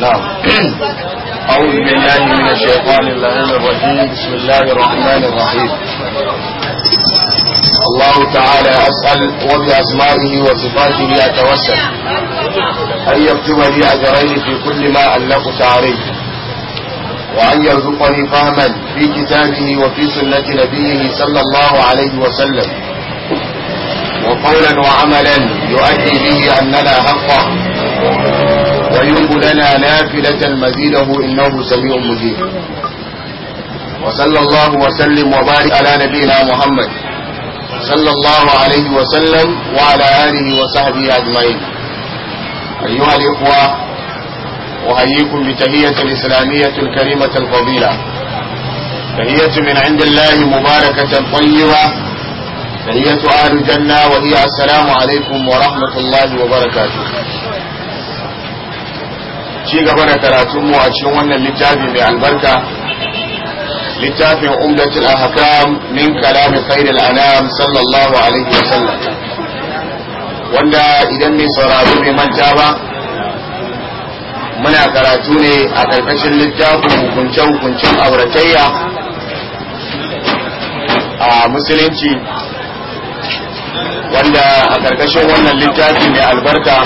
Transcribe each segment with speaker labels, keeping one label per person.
Speaker 1: نعم أعوذ بالله من الشيطان اللعين الرجيم بسم الله الرحمن الرحيم
Speaker 2: الله تعالى أسأل وبأسمائه وصفاته أتوسل أن يكتب لي أجرين في كل ما ألفت عليه وأن يرزقني فهما في كتابه وفي سنة نبيه صلى الله عليه وسلم وقولا وعملا يؤدي به أننا حقا ويوب لنا نافلة مزيده إنه سميع مجيب وصلى الله وسلم وبارك على نبينا محمد صلى الله عليه وسلم وعلى آله وصحبه أجمعين أيها الإخوة أحييكم بتهية الإسلامية الكريمة الفضيلة تهية من عند الله مباركة طيبة تهية أهل الجنة وهي السلام عليكم ورحمة الله وبركاته ci gaba da karatun mu a cikin wannan littafi mai albarka littafin umdatul ahkam min kalam khairul anam sallallahu alaihi wasallam wanda idan mai sauraro bai manta ba muna karatu ne a karkashin littafin hukunce-hukuncen auratayya a musulunci wanda a karkashin wannan littafi mai albarka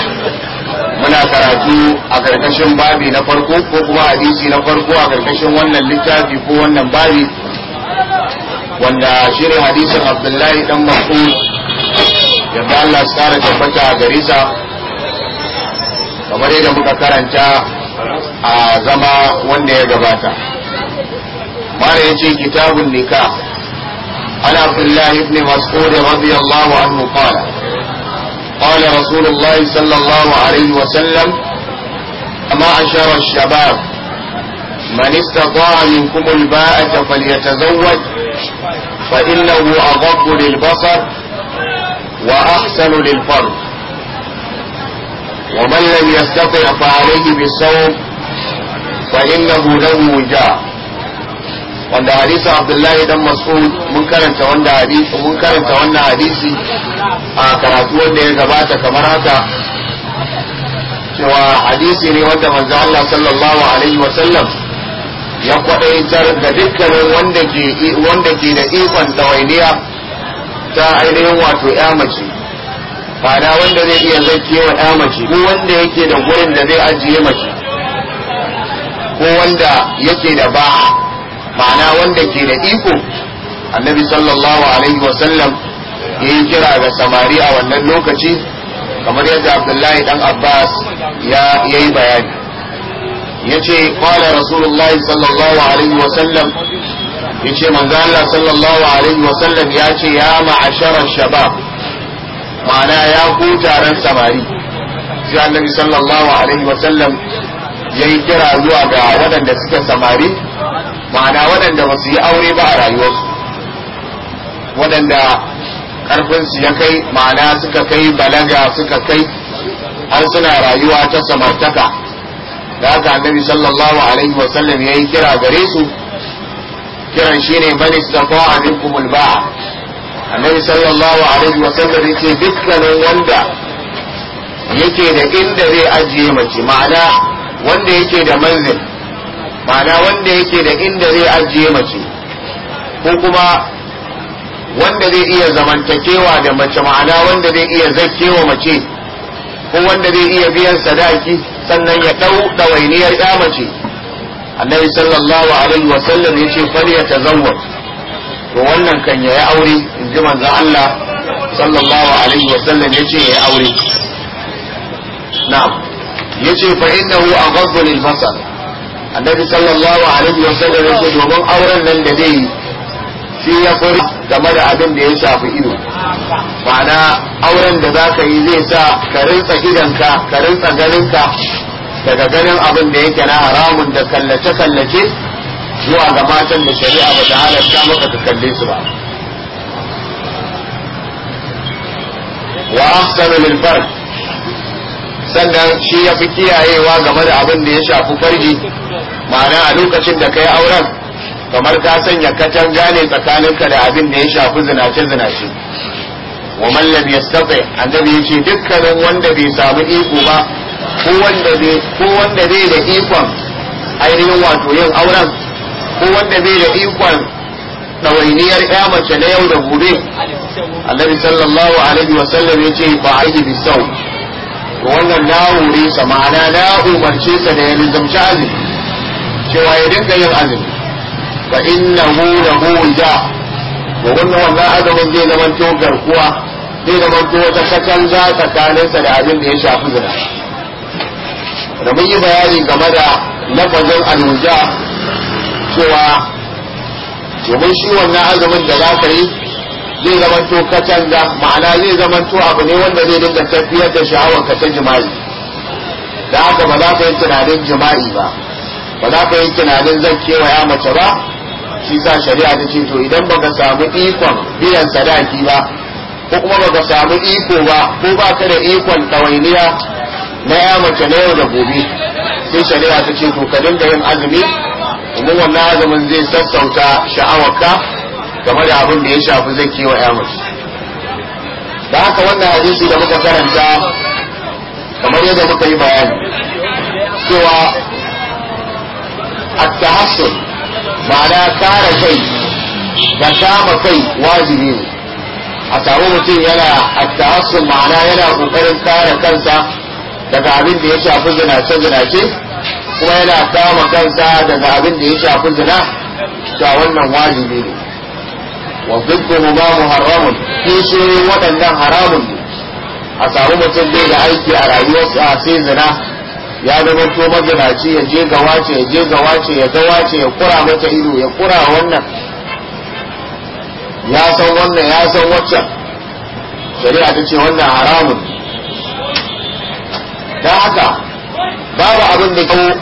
Speaker 2: muna karatu a karkashin babi na farko ko kuma hadisi na farko a karkashin wannan littafi ko wannan babi wanda shi ne hadisin abdullahi dan mas'ud yadda Allah su kara tabbata a garisa kamar yadda muka karanta a zama wanda ya gabata mara yace kitabun nikah عن عبد الله بن مسعود رضي الله عنه قال قال رسول الله صلى الله عليه وسلم معشر الشباب من استطاع منكم الباءة فليتزوج فإنه أغض للبصر وأحسن للفرد ومن لم يستطع فعليه بالصوم فإنه له وجاء wanda hadisin abdullahi dan mas'ud mun karanta wanda hadisi mun karanta wannan hadisi a karatu wanda ya gabata kamar haka cewa hadisi ne wanda manzo Allah sallallahu alaihi wa sallam ya kwadaitar da dukkanin wanda ke wanda ke da ikon dawainiya ta ainihin wato ya mace fada wanda zai iya zai wa ya mace ko wanda yake da gurin da zai ajiye mace ko wanda yake da ba'a ma'ana wanda ke da iko annabi sallallahu alaihi wa sallam ya yi kira ga samari a wannan lokaci kamar yadda abdullahi dan abbas ya yi bayani ya ce kwallon rasulullah sallallahu alaihi wa sallam, ya ce manzala sallallahu alaihi wa sallam ya ce ya ma'asharar shabab ma'ana ya ku taron samari sai annabi sallallahu alaihi wa sallam ya yi kira zuwa ga waɗanda suka samari ma'ana waɗanda ba su yi aure ba a rayuwarsu waɗanda ƙarfinsu ya kai ma'ana suka kai balaga suka kai har suna rayuwa ta samartaka da aka annabi sallallahu alaihi wasallam ya yi kira gare su kiran shi ne mani safa a minkumul annabi sallallahu alaihi wasallam ya ce dukkanin wanda yake da inda zai ajiye mace ma'ana wanda yake da manzil ma'ana wanda yake da inda zai ajiye mace ko kuma wanda zai iya zamantakewa da mace ma'ana wanda zai iya zakkewa mace ko wanda zai iya biyan sadaki sannan ya da wainiyar ya mace annabi sallallahu alaihi wa sallam yace fal ya tazawwa to wannan kan yayi aure in ji manzon Allah sallallahu alaihi wa sallam yace yayi aure na'am yace fa innahu aghaddu lil basar annabi sallallahu alaihi wa sallam ya ce domin auren nan da zai shi ya furi game da abin da ya shafi ido ma'ana auren da za ka yi zai sa ka rinsa idanka ka rinsa ganinka daga ganin abin da yake na haramun da kallace-kallace zuwa ga matan da shari'a ba ta halatta maka ka kalle su ba wa ahsanu lil sannan shi ya fi kiyayewa game da abin da ya shafi farji ma'ana a lokacin da ka auren kamar ka sanya katanga ne tsakaninka da abin da ya shafi zinace-zinace wa mallam ya sabai annabi ya ce dukkanin wanda bai samu iko ba ko wanda bai da ikon ainihin wato yin auren ko wanda bai da ikon ɗawainiyar ya mace na yau da gobe annabi sallallahu alaihi wasallam ya ce ba bisau wannan na wuri sa ma'ana na umarce sa da ya lizamci azumi cewa ya dinga yin azumi fa innahu lahu wija to wannan wannan azumin zai zama to garkuwa zai zama to wata katanga tsakaninsa da abin da ya shafi zina da mun yi bayani game da lafazin alwuja cewa domin shi wannan azumin da za ka yi zai zamanto katanga ma'ana zai zamanto abu ne wanda zai dinga tafiyar da sha'awar ka ta jima'i da haka ba za ka yi tunanin jima'i ba ba za ka yi tunanin zan kewa ya mace ba shi sa shari'a ta ce to idan ba ka samu ikon biyan sadaki ba ko kuma ba ka samu iko ba ko ba ka da ikon ɗawainiya na ya mace na yau da gobe sai shari'a ta ce to ka dinga yin azumi domin wannan azumin zai sassauta sha'awarka game da abin da ya shafi zaki wa ya da haka wannan hadisi da muka karanta kamar yadda muka yi bayani cewa at-tahassul ma'ana kare kai da kama kai wajibi ne a samu mutum yana at ma'ana yana kokarin kare kansa daga abin da ya shafi zinace zinace kuma yana kama kansa daga abin da ya shafi zina ta wannan wajibi ne wa zikru ma muharramun kishiyoyin waɗannan haramun ne a samu mutum bai da aiki a rayuwarsa a sai zina ya zama to maganaci ya je ga wace ya je ga wace ya ga wace ya kura mata ido ya kura wannan ya san wannan ya san waccan shari'a ta ce wannan haramun ta haka babu abin da kawo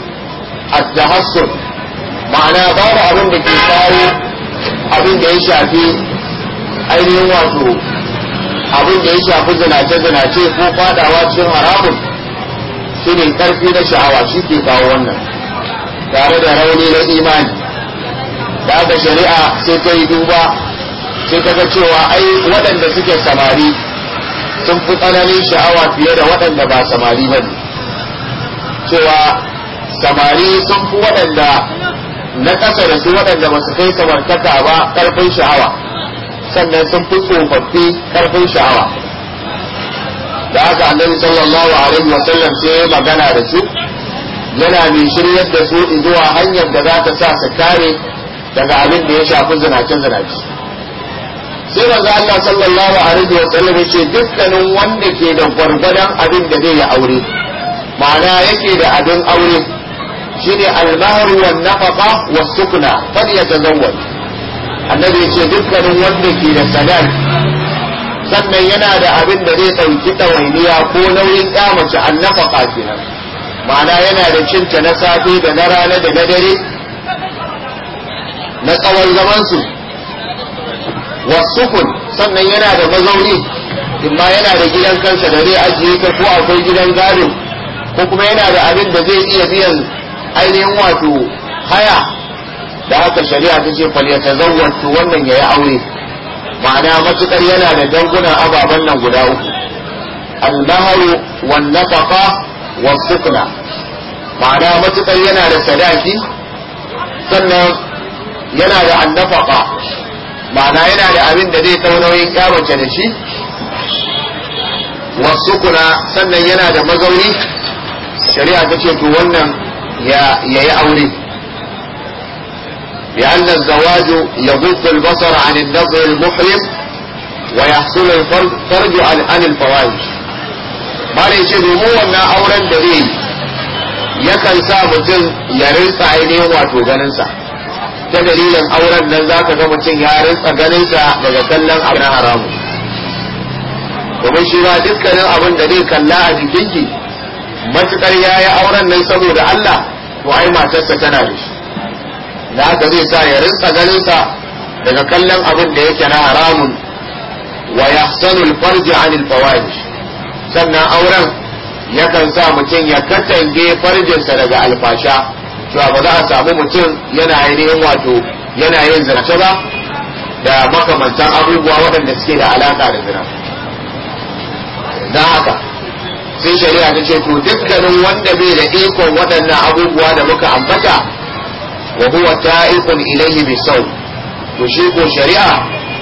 Speaker 2: a ma'ana babu abin da ke kawo abin da ya shafi ainihin wato abin da ya shafi zinace-zinace ko fadawa cikin haramun shi ne karfi na sha'awa shi ke kawo wannan tare da rauni na imani da aka shari'a sai ta yi duba sai ta ga cewa ai waɗanda suke samari sun fi tsananin sha'awa fiye da waɗanda ba samari ba cewa samari sun fi waɗanda na ƙasa da su waɗanda ba su kai samartaka ba ƙarfin sha'awa sannan sun fi tsofaffi ƙarfin sha'awa da haka annabi sallallahu alaihi wa sallam sai magana da su yana mai shiryar da su zuwa hanyar da za ta sa su kare daga abin da ya shafi zinace zinace sai manzo Allah sallallahu alaihi wa sallam yace dukkanin wanda ke da gwargwadon abin da zai yi aure ma'ana yake da abin aure shine al-mahr wan nafaqa was sukna fal yatazawwaj annabi yace dukkanin wanda ke da sadar sannan yana da abin da zai dauki ɗawainiya ko nauyin kamace an nafaqa kenan ma'ana yana da cinta na safe da na rana da na dare na tsawon zamansu wasukun sannan yana da mazauni imma yana da gidan kansa da zai ajiye ta ko akwai gidan gado ko kuma yana da abin da zai iya biyan ainihin wato haya da haka shari'a ta ce falyata zawwatu wannan ya yi aure ma'ana matuƙar yana da dangunan ababen nan guda uku almaharu wan nafaqa wa sukna ma'ana matuƙar yana da sadaki sannan yana da annafaqa ma'ana yana da abin da zai tsau nauyin kyawance da shi wasu kuna sannan yana da mazauni shari'a ta ce to wannan يا يا أولي لأن الزواج يغض البصر عن النظر المحرم ويحصل الفرج عن عن الفواج ما ليش هو ما أورن دليل يكن سابتن يرنس عيني واتو جننسا تدليل أورن نزاك دمتن يرنس جننسا لجتلن أبن حرام ومشي ما تذكر أبن دليل كان كلا عزيزيكي matuƙar ya yi auren nan saboda Allah to ai matarsa tana da shi da haka zai sa ya rinsa ganinsa daga kallon abin da yake na haramun wa yahsanu al-farj an fawahish sannan auren yakan sa mutum ya katange farjinsa daga alfasha to ba za a samu mutum yana yin wato yana yin zance ba da makamantan abubuwa waɗanda suke da alaƙa da zina don haka sai shari'a ta ce to dukkanin wanda bai da ikon waɗannan abubuwa da muka ambata wa huwa ta'ikun ilayhi bi sau to shi ko shari'a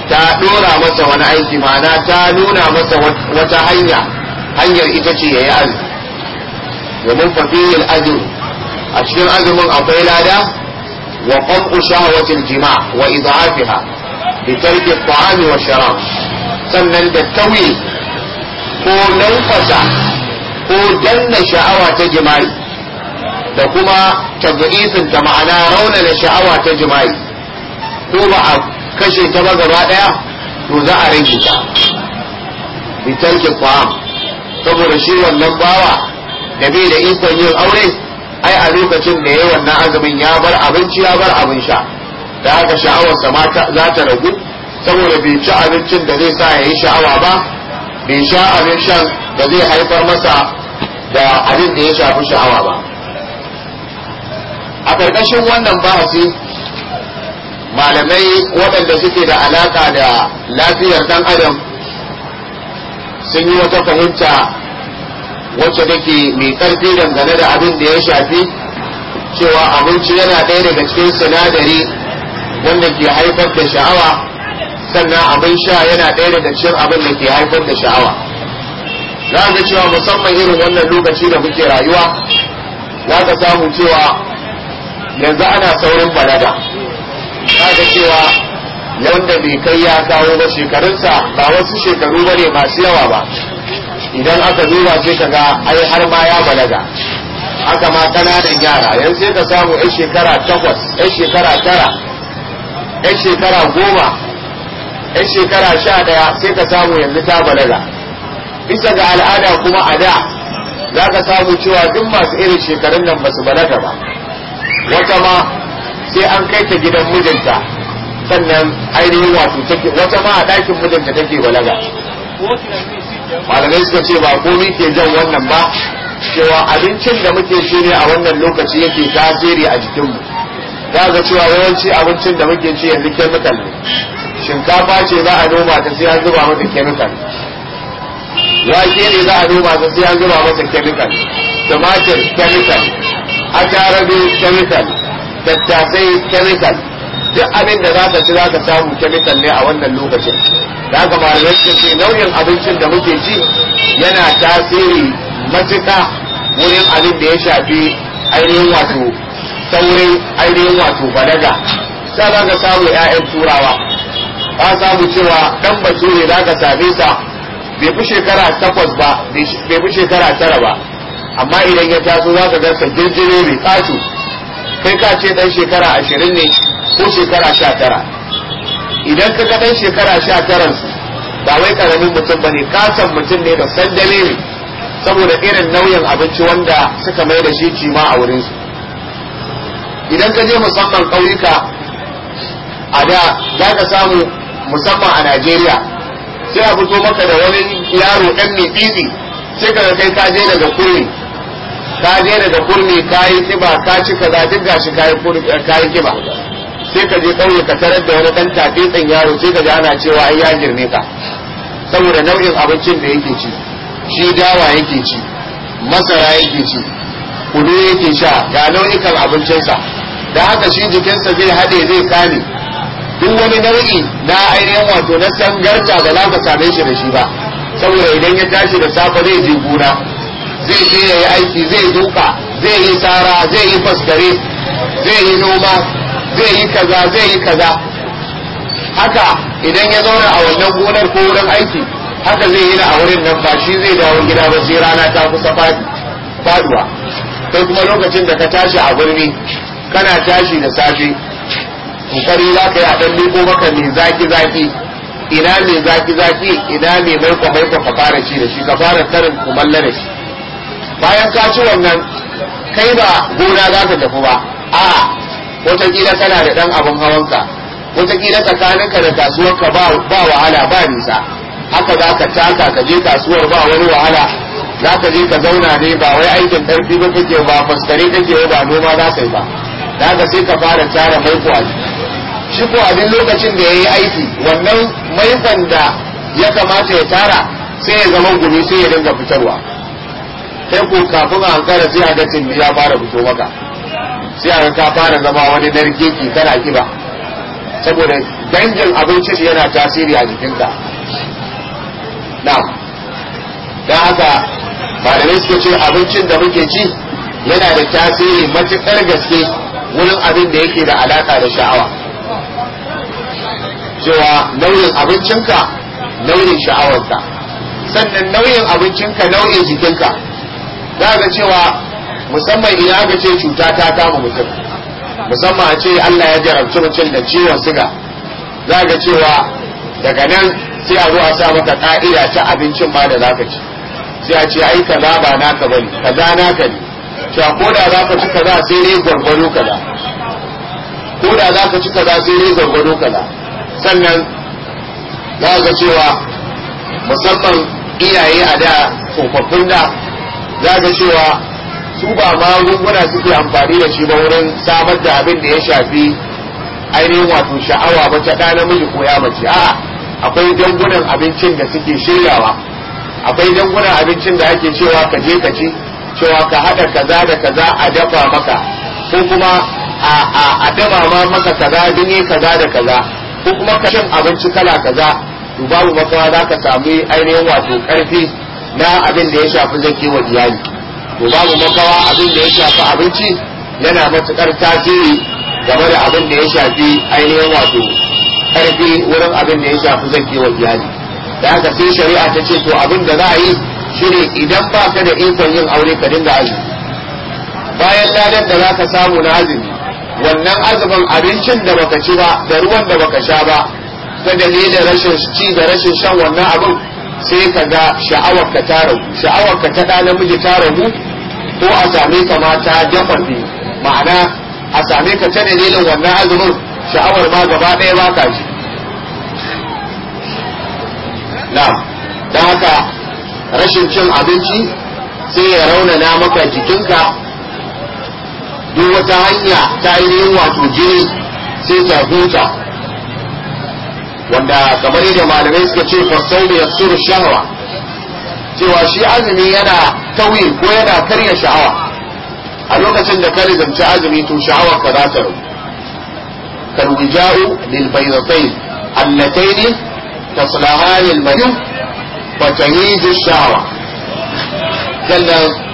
Speaker 2: ta dora masa wani aiki ma'ana ta nuna masa wata hanya hanyar ita ce yayi azumi domin fafiyil azumi a cikin azumin akwai lada wa qam'u shahawatil jima' wa idhafiha bi tarki at-ta'ami wa sharab sannan da tawi ko lankwasa ko danna sha'awa ta jima'i da kuma tabi'isin ta ma'ana rauna na sha'awa ta jima'i ko ba a kashe ta ba gaba daya to za a rage ta ki fa saboda shi wannan bawa da bai da ikon yin aure ai a lokacin da yayi wannan azumin ya bar abinci ya bar abin sha da haka sha'awarsa ma za ta ragu saboda bai ci abincin da zai sa ya yi sha'awa ba bai sha abin shan da zai haifar masa da abin da ya shafi sha'awa ba a ƙarƙashin wannan bahasi malamai waɗanda suke da alaƙa da lafiyar ɗan adam sun yi wata fahimta wacce take mai ƙarfi dangane da abin da ya shafi cewa abinci yana ɗaya daga cikin sinadari wanda ke haifar da sha'awa sannan abin sha yana ɗaya daga cikin abin da ke haifar da sha'awa za ga cewa musamman irin wannan lokaci da muke rayuwa za ka samu cewa yanzu ana saurin balaga za ka cewa wanda bai kai ya kawo ba shekarunsa ba wasu shekaru ba ne masu yawa ba idan aka duba sai ka ga ai har ma ya balaga aka ma kananan yara yanzu sai ka samu 'yan shekara takwas 'yan shekara tara 'yan shekara goma yan shekara sha ɗaya sai ka samu yanzu ta balaga bisa ga al'ada kuma a da za ka samu cewa duk masu irin shekarun nan ba su balaga ba wata ma sai an kai ta gidan mijinta sannan ainihin wato take wata ma a ɗakin mijinta take balaga malamai suka ce ba komi ke jan wannan ba cewa abincin da muke ci ne a wannan lokaci yake tasiri a jikinmu za ga cewa yawanci abincin da muke ci yanzu ke ne shinkafa ce za a noma ta sai an zuba mata chemical wake ne za a noma ta sai an zuba masa chemical tumatir chemical atarabe chemical tattasai chemical duk abin da za ka ci za ka samu chemical ne a wannan lokacin da ka malamai suka ce nau'in abincin da muke ci yana tasiri matuka wurin abin da ya shafi ainihin wato saurin ainihin wato balaga sai za ka samu 'ya'yan turawa ka samu cewa dan bature za ka same sa bai fi shekara takwas ba bai fi shekara tara ba amma idan ya taso za ka gansa girgire mai ƙato kai ka ce dan shekara ashirin ne ko shekara sha idan ka ga dan shekara sha su ba wai karamin mutum bane ka san mutum ne da sandale ne saboda irin nauyin abinci wanda suka mai da shi cima a wurin su idan ka je musamman ƙauyuka a da za ka samu musamman a Najeriya sai a fito maka da wani yaro ɗan mitsitsi sai ka kai ka je daga kurmi ka je daga kurmi ka yi kiba ka ci za duk gashi ka yi kiba sai ka je ƙauye ka tarar da wani ɗan tafe-ɗan yaro sai ka ji ana cewa ai ya girme ka saboda nau'in abincin da yake ci shi dawa yake ci masara yake ci kudu yake sha ga nau'ikan abincinsa da haka shi jikinsa zai haɗe zai kame duk wani nau'i na ainihin wato na sangarta ba za ka same shi da shi ba saboda idan ya tashi da safe zai je gona zai je ya yi aiki zai duka zai yi tsara zai yi faskare zai yi noma zai yi kaza zai yi kaza haka idan ya zauna a wannan gonar ko wurin aiki haka zai yi na a wurin nan ba shi zai dawo gida ba sai rana ta kusa faduwa kai kuma lokacin da ka tashi a birni kana tashi da safe kokari za ka yi a ɗan leko maka mai zaki zaki ina mai zaki zaki ina mai maiko maiko ka fara ci da shi ka fara karin kumalla da shi bayan ka ci wannan kai ba gona za ka tafi ba a wataƙila kana da ɗan abin ka wataƙila tsakaninka da kasuwar ka ba wahala ba nisa haka za ka taka ka je kasuwar ba wani wahala za ka je ka zauna ne ba wai aikin ƙarfi ba kake ba fuskare kake ba noma za ka yi ba da sai ka fara tara maiko a jiki shi abin lokacin da ya yi aiki wannan maifan da ya kamata ya tara sai ya zama gumi sai ya dinga fitarwa sai ko kafin a hankara sai a ga tumbi ya fara fito maka sai a ka fara zama wani narkeki kana kiba saboda dangin abinci shi yana tasiri a jikinka na don haka ba malamai suke ce abincin da muke ci yana da tasiri matuƙar gaske wurin abin da yake da alaƙa da sha'awa cewa nauyin abincinka nauyin sha'awarka sannan nauyin abincinka nauyin jikinka za ga cewa musamman idan aka ce cuta ta kama mutum musamman a ce Allah ya jarabci mutum da ciwon suga za ga cewa daga nan sai a zo a sa maka ka'ida ta abincin ma da zaka ci sai a ce ai kaza ba naka bane kaza naka ne cewa ko da za ka ci kaza sai ne gwargwado kaza ko da za ka ci kaza sai ne gwargwado kaza sannan za ga cewa musamman iyaye a da tsofaffin da za ga cewa su ba magunguna suke amfani da shi ba wurin samar da abin da ya shafi ainihin wato sha'awa ba ta ɗa namiji ko ya mace a'a akwai dangunan abincin da suke shiryawa akwai dangunan abincin da ake cewa ka je ka ci cewa ka haɗa kaza da kaza a dafa maka ko kuma a dama ma maka kaza danye kaza da kaza ko kuma ka shan abinci kala kaza to babu makawa za ka samu ainihin wato karfi na abin da ya shafi zake wa iyali to babu makawa abin da ya shafi abinci yana matukar tasiri game da abin da ya shafi ainihin wato karfi wurin abin da ya shafi zake wa iyali da haka sai shari'a ta ce to abin da za a yi shine idan ba ka da ikon yin aure ka dinga azumi bayan ladan da za ka samu na azumi wannan azumin abincin da baka ci ba da ruwan da baka sha ba ta dalilin rashin ci da rashin shan wannan abin sai ka ga sha'awar ka ta ragu sha'awar ka ta da namiji ta ragu ko a same ka ma dafa dafafi ma'ana a same ka ta dalilin wannan azumin sha'awar ma gaba ɗaya ba ka ji na don haka rashin cin abinci sai ya raunana maka jikinka duk wata hanya ta ainihin wato jini sai ta huta wanda kamar yadda malamai suka ce fasau da suru shahwa cewa shi azumi yana tauye ko yana karya sha'awa a lokacin da ka rizanci azumi to sha'awar ka za ta rabu kalwija'u lil baydatain allatayn taslahan al-mayyit fa tahizu sha'awa sannan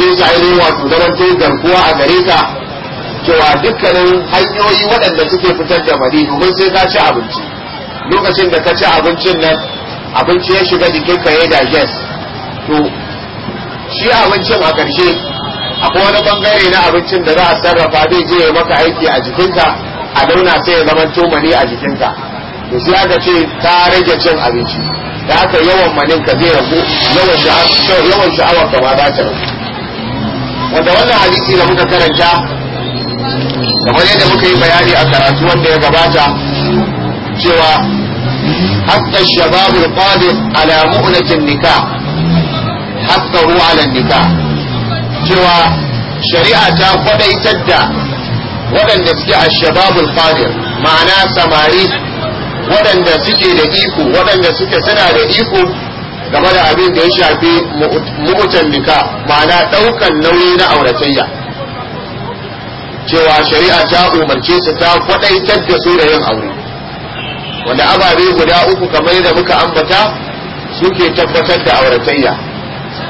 Speaker 2: sai su ainihin wato yi garkuwa a gare ka cewa dukkanin hanyoyi waɗanda suke fitar da bari domin sai ka ci abinci lokacin da ka ci abincin nan abinci ya shiga jikinka ya digest to shi abincin a ƙarshe akwai wani bangare na abincin da za a sarrafa zai je ya maka aiki a jikinka a dauna sai ya zama tomani a jikinka to sai aka ce ka rage cin abinci da aka yawan maninka zai ragu yawan sha'awar ka ma za ta ragu wanda wannan hadisi da muka karanta kamar yadda muka yi bayani a karatu wanda ya gabata cewa hatta shababul qadir ala mu'latin nikah hatta ruwa ala nikah cewa shari'a ta kwadaitar da waɗanda suke a shababul qadir ma'ana samari waɗanda suke da iko waɗanda suke suna da iko game da abin da ya shafi mu'utan nika ma'ana ɗaukan nauyi na auratayya cewa shari'a ta umarce su ta kwaɗaitar da su da yin aure wanda ababe guda uku kamar da muka ambata suke tabbatar da auratayya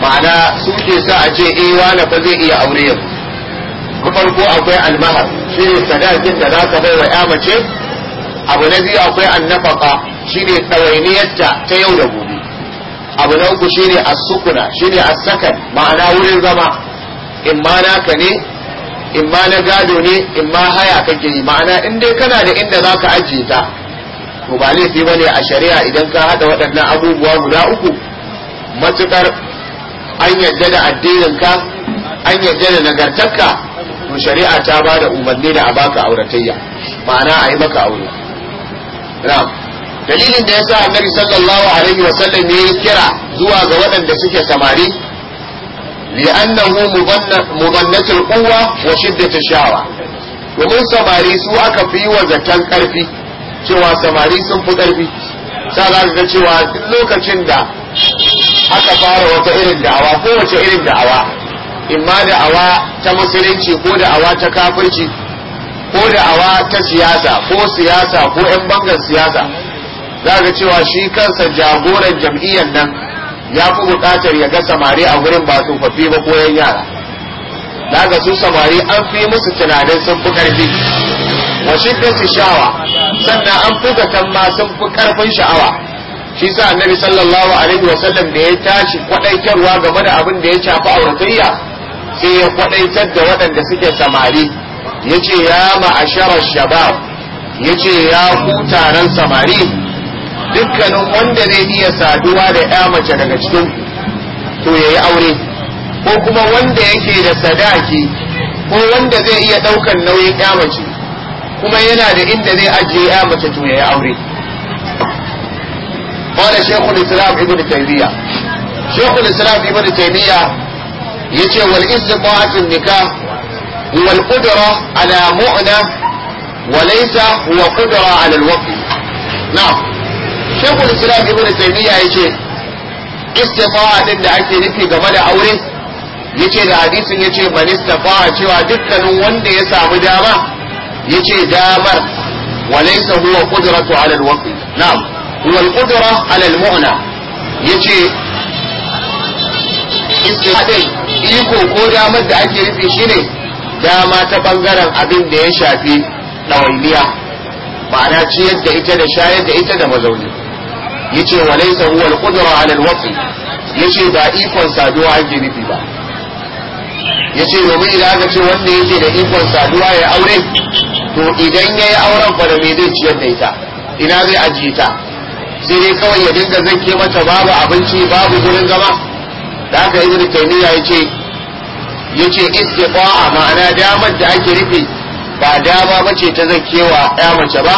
Speaker 2: ma'ana suke sa a ce eh wani fa zai iya aure yau na farko akwai almahar shi ne sadakin da za ka bai wa ya mace abu na biyu akwai annafaka shi ne tsawainiyarta ta yau da gobe abu na uku shine as-sukuna shine as-sakan ma'ana wurin zama in ma naka ne in ma na gado ne in ma haya kake yi ma'ana in dai kana da inda zaka ajiye ta to ba laifi bane a shari'a idan ka hada waɗannan abubuwa guda uku matukar an yadda da addinin ka an yadda da nagartarka to shari'a ta ba da umarni da a baka auratayya ma'ana a yi maka aure na'am dalilin da ya yasa annabi sallallahu alaihi sallam ya yi kira zuwa ga waɗanda suke samari li'annahu mubannatul quwwa wa shiddatul shawa domin samari su aka fi wa zaton karfi cewa samari sun fi karfi sa za ga cewa duk lokacin da aka fara wata irin da'awa ko wace irin da'awa imma da'awa ta musulunci ko da'awa ta kafirci ko da'awa ta siyasa ko siyasa ko 'yan bangar siyasa za ga cewa shi kansa jagoran jam'iyyar nan ya fi buƙatar ya ga samari a gurin ba tsofaffi ba koyan yara za ga su samari an fi musu tunanin sun fi ƙarfi wa shiddati shawa sannan an fi zaton ma sun fi ƙarfin sha'awa shi sa annabi sallallahu alaihi wa sallam da ya tashi kwaɗaitarwa game da abin da ya shafi auratayya sai ya kwaɗaitar da waɗanda suke samari ya ce ya ma'ashara shabab ya ce ya ku taron samari dukkanin wanda ne iya saduwa da ya mace daga cikin to yi aure ko kuma wanda yake da sadaki ko wanda zai iya daukan nauyin ya mace kuma yana da inda zai ajiye ya mace to yi aure قال شيخ الاسلام ابن تيميه شيخ الاسلام ابن تيميه يجي والاستطاعه النكاح wal القدره ala مؤنه وليس هو wa على الوقت نعم shekul islam ibn taymiya yace istifa'a din da ake nufi game da aure yace da hadisin yace man istifa'a cewa dukkanin wanda ya samu dama yace damar walaysa huwa qudratu ala al na'am huwa alqudra ala almu'na yace istifa'a iko ko damar da ake nufi shine dama ta bangaren abin da ya shafi ɗawainiya ma'ana ciyar da ita da shayar da ita da mazauni yace wa laysa huwa al-qudra 'ala al yace ba ikon saduwa ake nufi ba yace domin idan aka ce wanda yake da ikon saduwa ya aure to idan yayi auren fa da me zai ciyar da ita ina zai ajiye ta sai dai kawai ya dinga zanke mata babu abinci babu gurin zama da aka ibnu taymiya yace yace istiqa'a ma'ana damar da ake rufe ba dama bace ta zakewa ya mace ba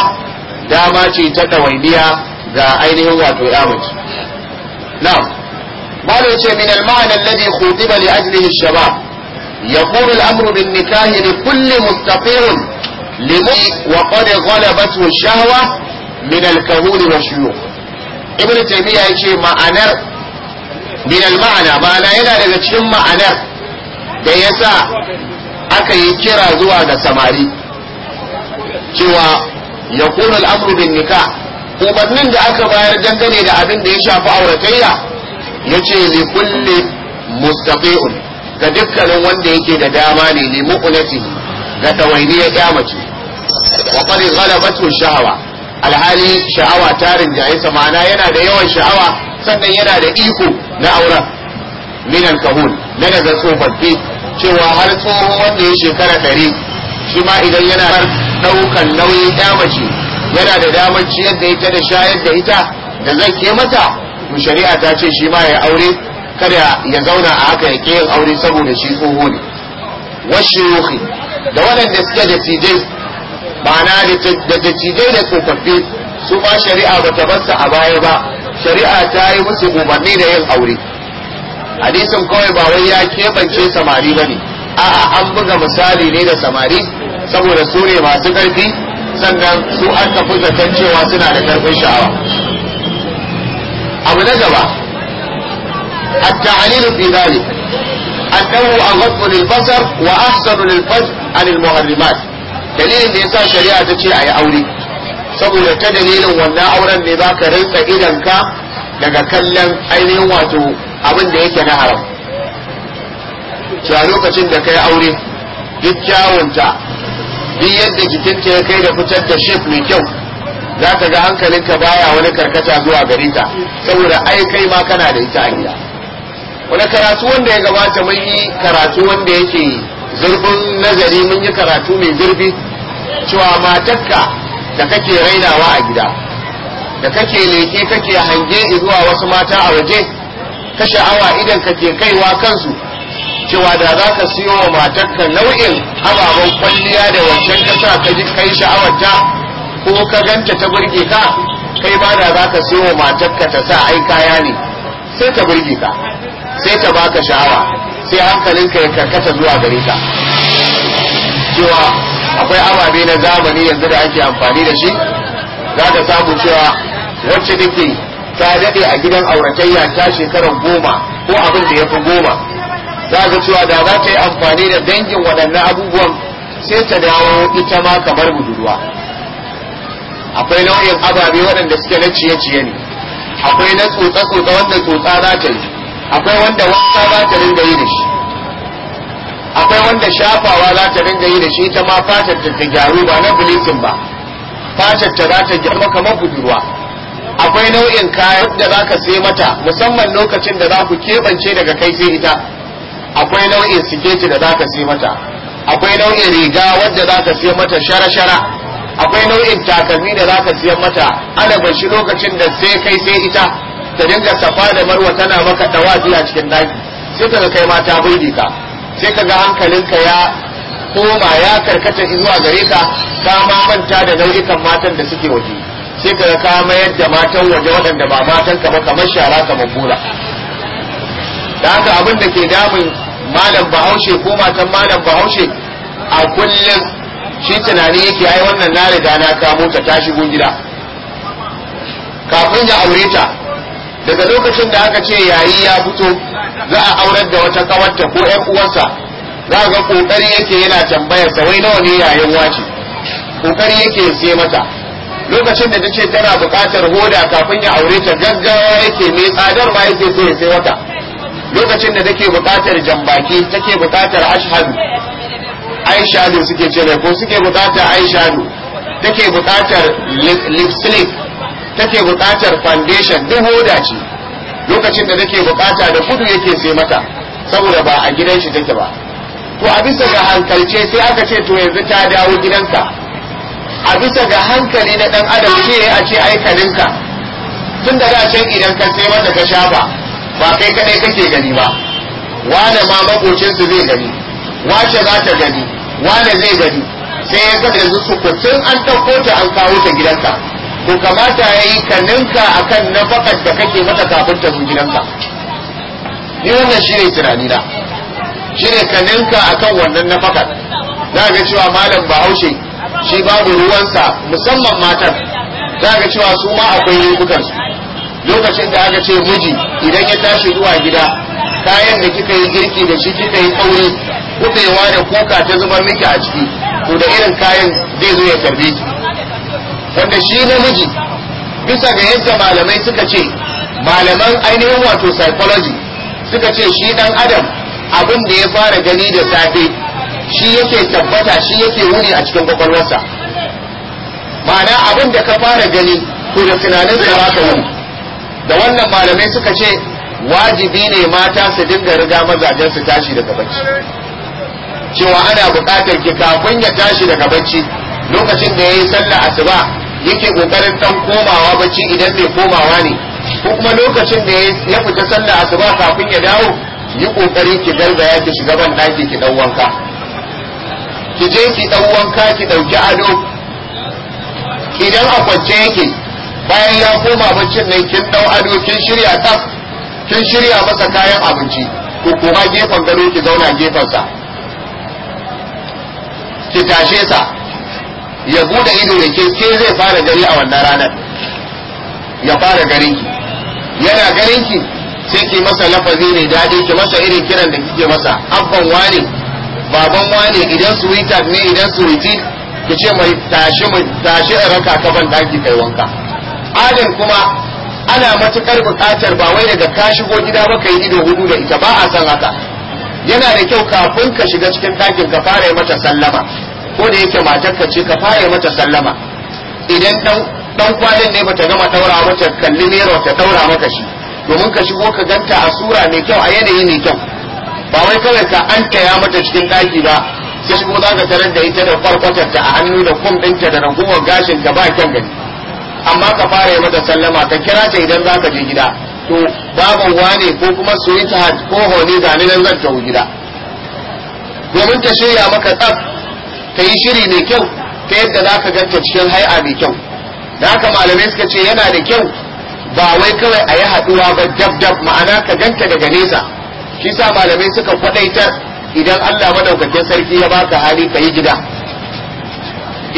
Speaker 2: dama ce ta ɗawainiya ga ainihin wato ya mace na'am bala yace min al-ma'na alladhi khutiba li ajlihi ash-shabab يقول الأمر بالنكاح لكل مستقيم لمؤ وقد غلبته الشهوة من الكهول والشيوخ ابن تيمية يقول ma'anar من المعنى ma'ana yana daga cikin ma'anar da sa aka yi kira zuwa ga samari cewa ya kuna al'amru umarnin da aka bayar dangane da abin da ya shafi auratayya ya ce li kulli mustaqi'un ga dukkanin wanda yake da dama ne li mu'unati ga tawaini ya mace wa qad ghalabatu shahawa alhali sha'awa ta rinjaye sa ma'ana yana da yawan sha'awa sannan yana da iko na auren minan kahun na daga tsofaffi cewa har tsohon wanda ya shekara ɗari shi ma idan yana ɗaukan nauyin ya mace yana da damar ciyar da ita da shayar da ita da zai ke mata to shari'a ta ce shi ma ya aure kada ya zauna a haka ya ke yin aure saboda shi tsoho ne washe da waɗanda suke da tijai ma'ana da dattijai da tsofaffi su ma shari'a ba ta barsa a baya ba shari'a ta yi musu umarni da yin aure hadisin kawai ba wai ya keɓance samari ba ne a'a an buga misali ne da samari saboda su ne masu ƙarfi sannan su an tafi zaton cewa suna da karfin sha'awa abu na gaba التعليل في ذلك أنه أغض للبصر وأحسن للفرج عن المحرمات دليل نساء شريعة تشيء أي aure, saboda ta dalilin wannan auren ne za ka rinsa idanka daga kallon ainihin wato abin da yake na haram cewa lokacin da kai aure duk kyawunta duk yadda jikin ya kai da fitar da shef mai kyau za ka ga hankalinka baya wani karkata zuwa gare ta saboda ai kai ma kana da ita a gida wani karatu wanda ya gabata mun yi karatu wanda yake zurfin nazari mun yi karatu mai zurfi cewa matarka da kake rainawa a gida da kake leke kake hange zuwa wasu mata a waje ka sha'awa idan kake kaiwa kansu cewa da za ka siyo wa matarka nau'in ababen kwalliya da wancan kasa ka ji kai sha'awarta ko ka ganta ta burge ka kai ba da za ka siyo wa matarka ta sa ai kaya ne sai ta burge ka sai ta baka sha'awa sai hankalinka ya karkata zuwa gare ka cewa akwai ababe na zamani yanzu da ake amfani da shi za ka samu cewa wacce take ta daɗe a gidan auratayya ta shekarar goma ko abin da ya fi goma za ka cewa da za ta yi amfani da dangin waɗannan abubuwan sai ta dawo ita ma kamar budurwa akwai nau'in ababe waɗanda suke na ciye-ciye ne akwai na tsotsa-tsotsa wanda tsotsa za ta yi akwai wanda wasa za ta ringa yi da shi akwai wanda shafawa za ta ringa yi da shi ita ma fatar ta ta gyaru ba na bilisin ba fatar ta za ta gyaru kamar budurwa akwai nau'in kayan da za ka sai mata musamman lokacin da za ku keɓance daga kai sai ita akwai nau'in siketi da zaka sai mata akwai nau'in riga wadda zaka siya mata shara-shara akwai nau'in takalmi da zaka siyan mata alabar shi lokacin da sai kai sai ita ta dinga safa da marwa tana maka dawa a cikin daki sai ka kai mata bai ka sai ka ga hankalinka ya koma ya karkata zuwa gare ka ka ma manta da nau'ikan matan da suke waje sai ka ka mayar da matan waje waɗanda ba matan ka ba kamar shara kamar bura da haka abin da ke damun malam bahaushe ko matan malam bahaushe a kullum shi tunani yake ai wannan na riga na kamo ta ta shigo gida kafin ya aure ta daga lokacin da aka ce yayi ya fito za a aurar da wata kawarta ko ƴan uwarsa za ga kokari yake yana tambaya wai nawa ne yayin wace kokari yake sai mata lokacin da ta ce tana bukatar hoda kafin ya aure ta gaggawa yake mai tsadar ma yake sai ya sai wata lokacin da take buƙatar jambaki take buƙatar ashhadu aishadu suke ce ko suke buƙatar aishadu take buƙatar lipstick take buƙatar foundation duk hoda ce lokacin da take buƙata da kudu yake sai mata saboda ba a gidan shi take ba to a bisa ga hankalce sai aka ce to yanzu ta dawo gidanka a bisa ga hankali na dan adam ce a ce aikalinka tun da can idan ka sai wanda ka sha ba ba kai kadai kake gani ba wane ma makocinsu zai gani wace za ta gani wane zai gani sai ya kada yanzu su tun an ɗauko ta an kawo ta gidanka ko kamata ya yi ka ninka akan nafakar da kake mata kafin ta zuwa gidanka ni wannan shi ne tunani na shi ne ka ninka kan wannan nafakar za ga cewa malam bahaushe shi babu ruwansa musamman matan za ga cewa su ma akwai laifukansu lokacin da aka ce miji idan ya tashi zuwa gida kayan da kika yi girki da shi kika yi kauri kubewa da kuka ta zuba miki a ciki to da irin kayan zai zo ya tarbe ki wanda shi namiji bisa ga yadda malamai suka ce malaman ainihin wato psychology suka ce shi dan adam abin da ya fara gani da safe shi yake tabbata shi yake wuri a cikin kwakwalwarsa ma'ana abin da ka fara gani to da tunanin da ba ka wuni da wannan malamai suka ce wajibi ne mata su dinga riga mazajen su tashi daga bacci cewa ana buƙatar ki kafin ya tashi daga bacci lokacin da yayi sallah asuba yake kokarin dan komawa bacci idan bai komawa ne ko kuma lokacin da ya fita sallah asuba kafin ya dawo yi kokari ki garzaya ki shiga ban daki ki dan wanka ki je ki dan wanka ki dauki ado idan a kwance yake bayan ya koma abincin nan kin dau ado kin shirya tas kin shirya masa kayan abinci ko kuma gefen gado ki zauna gefen sa ki tashe sa ya bude ido da ke ke zai fara gari a wannan ranar ya fara garin ki yana garin ki sai ki masa lafazi ne daɗi ki masa irin kiran da kike masa abban wane baban wani idan suwitat ne idan suwitit ki ce mai tashi a raka ka ban daki kai wanka adin kuma ana matukar bukatar ba wai daga ka shigo gida ba yi ido hudu da ita ba a san haka yana da kyau kafin ka shiga cikin ɗakin ka fara yi mata sallama ko da yake matar ka ce ka fara yi mata sallama idan dan dan kwalin ne bata gama daura mata kalli mero ta daura maka shi domin ka shigo ka ganta a sura mai kyau a yanayi mai kyau ba wai kawai ka an taya mata cikin ɗaki ba sai shigo za ka tarar da ita da kwarkwatar ta a hannu da kum ɗinta da ragowar gashin ka ba kyan gani amma ka fara mata sallama ka kira ta idan za ka je gida to babu wane ko kuma tahad ko hone zane ni nan zan tawo gida domin ta shirya maka tsaf ta yi shiri mai kyau ta yadda za ka ganta cikin hai'a mai kyau da haka malamai suka ce yana da kyau ba wai kawai a yi haɗuwa ba dab dab ma'ana ka ganta daga nesa shi sa malamai suka kwaɗaitar idan Allah madaukakin sarki ya baka hali ka yi gida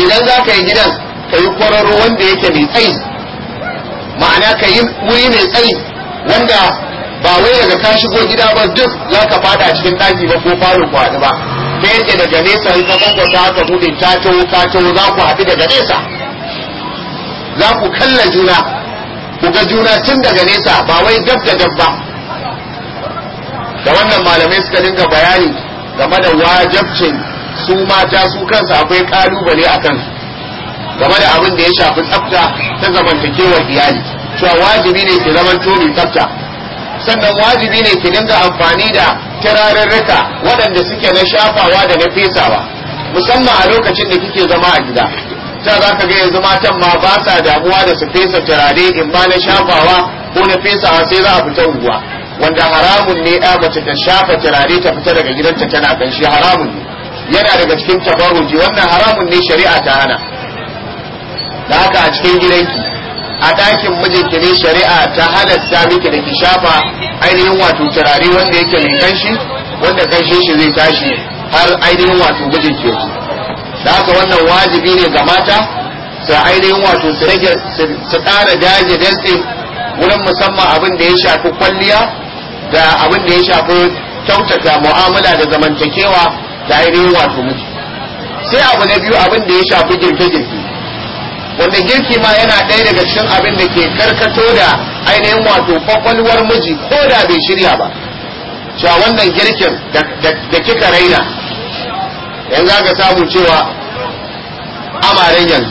Speaker 2: idan za ka yi gidan ka yi kwararo wanda yake mai tsayi ma'ana ka yi wuri mai tsayi wanda ba wai daga ka shigo gida ba duk za ka fada cikin ɗaki ba ko farin kwani ba ta yadda daga nesa in ka kwakwata ka tawo tawo za ku haɗu daga nesa za ku kalla juna ku ga juna tun daga nesa ba wai dab da dab ba da wannan malamai suka dinga bayani game da wajabcin su mata su kansa akwai kalubale a kansu game da abin da ya shafi tsafta ta zamantakewar iyali cewa wajibi ne ki zaman mai tsafta sannan wajibi ne ki dinga amfani da turarurruka waɗanda suke na shafawa da na fesawa musamman a lokacin da kike zama a gida ta za ka ga yanzu matan ma ba sa damuwa da su fesa turare in ba na shafawa ko na fesawa sai za a fita unguwa wanda haramun ne ya mace ta shafa turare ta fita daga gidanta tana ganshi haramun ne yana daga cikin tabaruji wannan haramun ne shari'a ta hana da haka a cikin gidanki a ɗakin mijinki ne shari'a ta halatta miki da ki shafa ainihin wato turare wanda yake mai kanshi wanda kanshin shi zai tashi har ainihin wato mijinki yake da haka wannan wajibi ne ga mata su ainihin wato su rage su ƙara daji dantse wurin musamman abin da ya shafi kwalliya da abin da ya shafi kyautata mu'amala da zamantakewa da ainihin wato miji sai abu na biyu abin da ya shafi girke-girke wanda girki ma yana ɗaya daga cikin abin da ke karkato da ainihin wato kwakwalwar miji ko da bai shirya ba cewa wannan girkin da kika raina yanzu aka samu cewa amaren yanzu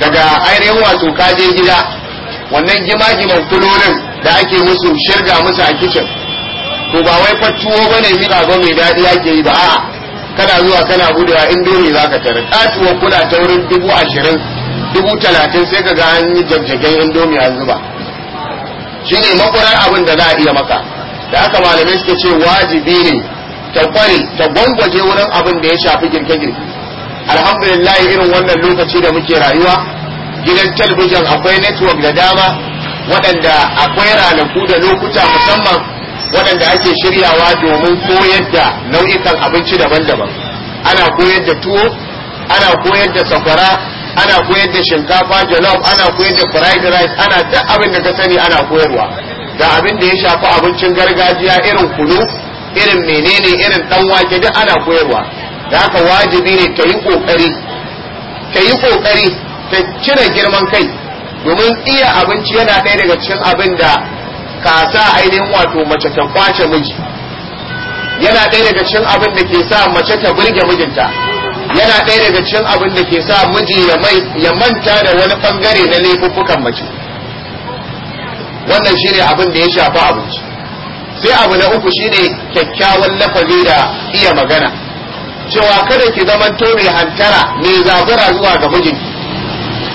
Speaker 2: daga ainihin wato kaje gida wannan gima-giman kulonin da ake musu shirga musu a kicin to ba wai fattuwo ba ne miƙa ba mai daɗi ake yi ba a'a kana zuwa kana budewa indomi za ka tare katuwa kula ta wurin dubu ashirin dubu talatin sai ka ga an yi jajjagen indomi an zuba shi ne makwarar abin da za a iya maka da aka malamai suka ce wajibi ne ta ta gwangwaje wurin abin da ya shafi girke-girke alhamdulillah irin wannan lokaci da muke rayuwa gidan talabijin akwai network da dama waɗanda akwai ranaku da lokuta musamman waɗanda ake shiryawa domin koyar da nau'ikan abinci daban-daban ana koyar da tuwo ana koyar da sakwara ana koyar da shinkafa jolof ana koyar da fried rice ana duk abin da ka sani ana koyarwa da abin da ya shafi abincin gargajiya irin kunu irin menene irin dan wake duk ana koyarwa da haka wajibi ne ka yi kokari ka kokari ka cire girman kai domin iya abinci yana ɗaya daga cikin abin da ka sa ainihin wato mace ta kwace miji yana ɗaya daga cikin abin da ke sa mace ta burge mijinta yana ɗaya daga cikin abin da ke sa miji ya manta da wani ɓangare na laifuffukan mace wannan shine abin da ya shafi abinci sai abu na uku shine kyakkyawan lafazi da iya magana cewa kada ki to mai hantara mai zabura zuwa ga mijinki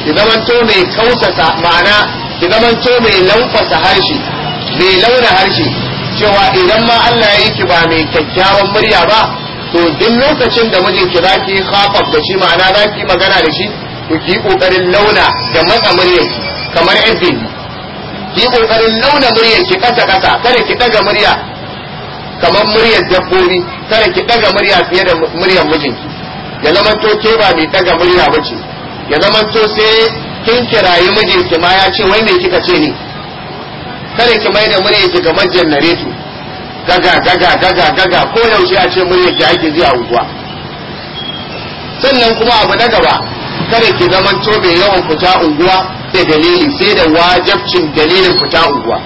Speaker 2: ki zamanto mai kausasa ma'ana ki zamanto mai laufasa harshe mai launa harshe cewa idan ma Allah ya yi ki ba mai kyakkyawan murya ba to duk lokacin da mijinki za ki khafaf da shi ma'ana za ki magana da shi ku ki kokarin launa da matsa muryar kamar yadda ki ki kokarin launa muryar ki kasa kasa kada ki daga murya kamar muryar dabbobi kada ki daga murya fiye da muryar mijinki ya to ke ba mai daga murya bace ya to sai kin kirayi mijinki ma ya ce wai me kika ce ni kada ki mai da muryar ki kamar jannare gaga gaga gaga gaga ko yaushe a ce murya ki ake zuwa a unguwa sannan kuma abu na gaba kada ki zaman to mai yawan fita unguwa da dalili sai da wajabcin dalilin fita unguwa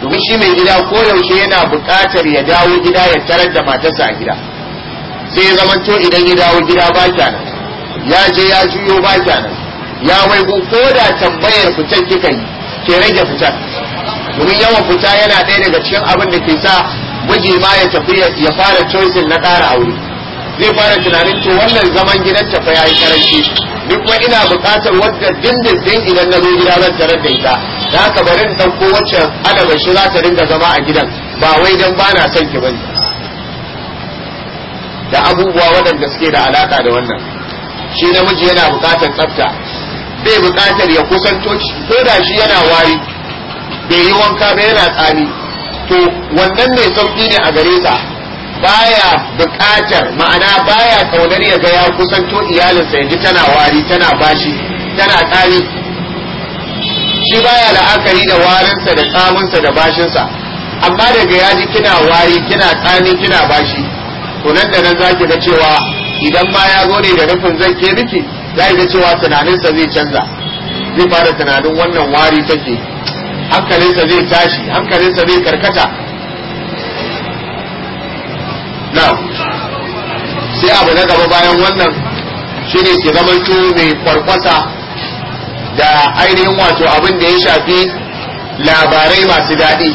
Speaker 2: domin shi mai gida ko yaushe yana buƙatar ya dawo gida ya tarar da matarsa a gida sai ya zaman to idan ya dawo gida ba kyana. ya je ya juyo ba kyana ya waigu ko da tambayar fitar kika yi ke rage fitar domin yawan fita yana ɗaya daga cikin abin da ke sa miji ma ya tafi ya fara choisin na ƙara aure zai fara tunanin to wannan zaman gidan ta fa yayi karanci duk wani ina buƙatar wadda dindindin idan na zo gida zan tarar da ita da haka bari in ɗauko wacce adaba shi za ta dinga zama a gidan ba wai dan bana son ki bane da abubuwa waɗanda suke da alaƙa da wannan shi namiji yana buƙatar tsafta bai buƙatar ya kusanto ko da shi yana wari bai yi wanka ba yana tsami to wannan mai sauki ne a gare sa baya buƙatar ma'ana baya kaunar ya ga ya kusanto iyalinsa yanzu tana wari tana bashi tana tsami shi baya la'akari da warinsa da tsaminsa da bashinsa amma daga ya ji kina wari kina tsami kina bashi to nan da nan zaki ga cewa idan ma ya zo ne da nufin zai ke miki zai ga cewa tunaninsa zai canza zai fara tunanin wannan wari take hankalinsa zai tashi hankalinsa zai karkata na sai abu na gaba bayan wannan shine ke zamanto mai kwarkwasa da ainihin wato abin da ya shafi labarai masu daɗi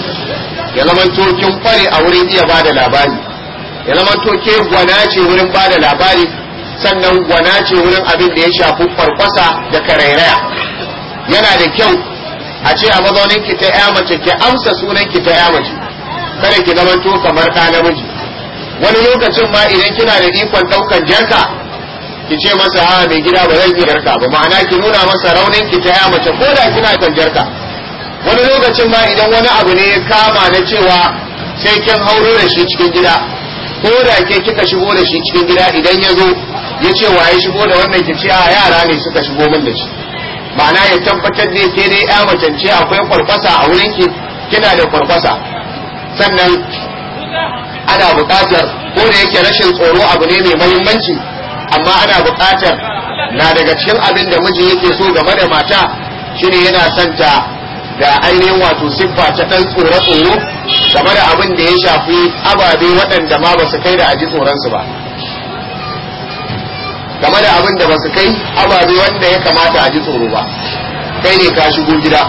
Speaker 2: ya zama kin kware a wurin iya ba da labari ya zama toke gwana ce wurin ba da labari sannan gwana ce wurin abin da ya shafi kwarkwasa da karairaya yana da kyau a ce a mazaunin ki ta ya mace ki amsa sunan ki ta ya mace kada ki to kamar ɗa namiji wani lokacin ma idan kina da ikon ɗaukan jarka ki ce masa ha mai gida ba zai jarka ba ma'ana ki nuna masa raunin ki ta ya mace ko da kina kan jarka wani lokacin ma idan wani abu ne ya kama na cewa sai kin hauro da shi cikin gida ko da ke kika shigo da shi cikin gida idan ya zo ya ce wa ya shigo da wannan ki ce a yara ne suka shigo min da shi ma'ana ya tabbatar da ke dai ya macance akwai kwarkwasa a wurin ki kina da kwarkwasa sannan ana buƙatar ko da yake rashin tsoro abu ne mai muhimmanci amma ana buƙatar na daga cikin abin da miji yake so game da mata shine yana santa da ainihin wato siffa ta ɗan tsoro-tsoro game da abin da ya shafi ababe waɗanda ma ba su kai da aji tsoron su ba game da abin da ba su kai ababe wanda ya kamata a ji tsoro ba kai ne ka shigo gida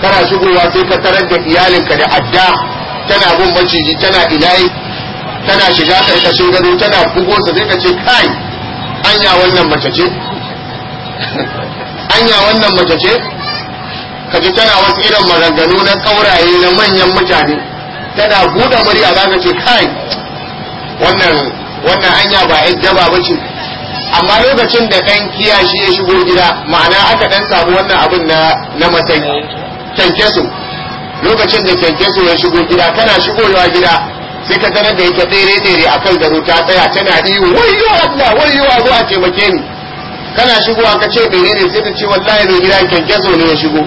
Speaker 2: kana shigowa sai ka tarar da iyalinka da adda tana bin maciji tana ilayi tana shiga karkashin gado tana sa sai ka ce kai anya wannan mace ce anya wannan mace ce ka ji tana wasu irin maganganu na kauraye na manyan mutane tana buɗe murya za ka ce kai wannan wannan anya ba yadda ba ce amma lokacin da dan kiyashi ya shigo gida ma'ana aka dan samu wannan abin na na masani kyankyaso lokacin da kyankyaso ya shigo gida kana shigowa gida sai ka tarar da yake tsere tsere kan garo ta tsaya tana iyo wayyo Allah wayyo a zo a taimake ni kana shigowa ka ce ne sai ta ce wallahi mai gida kyankyaso ne ya shigo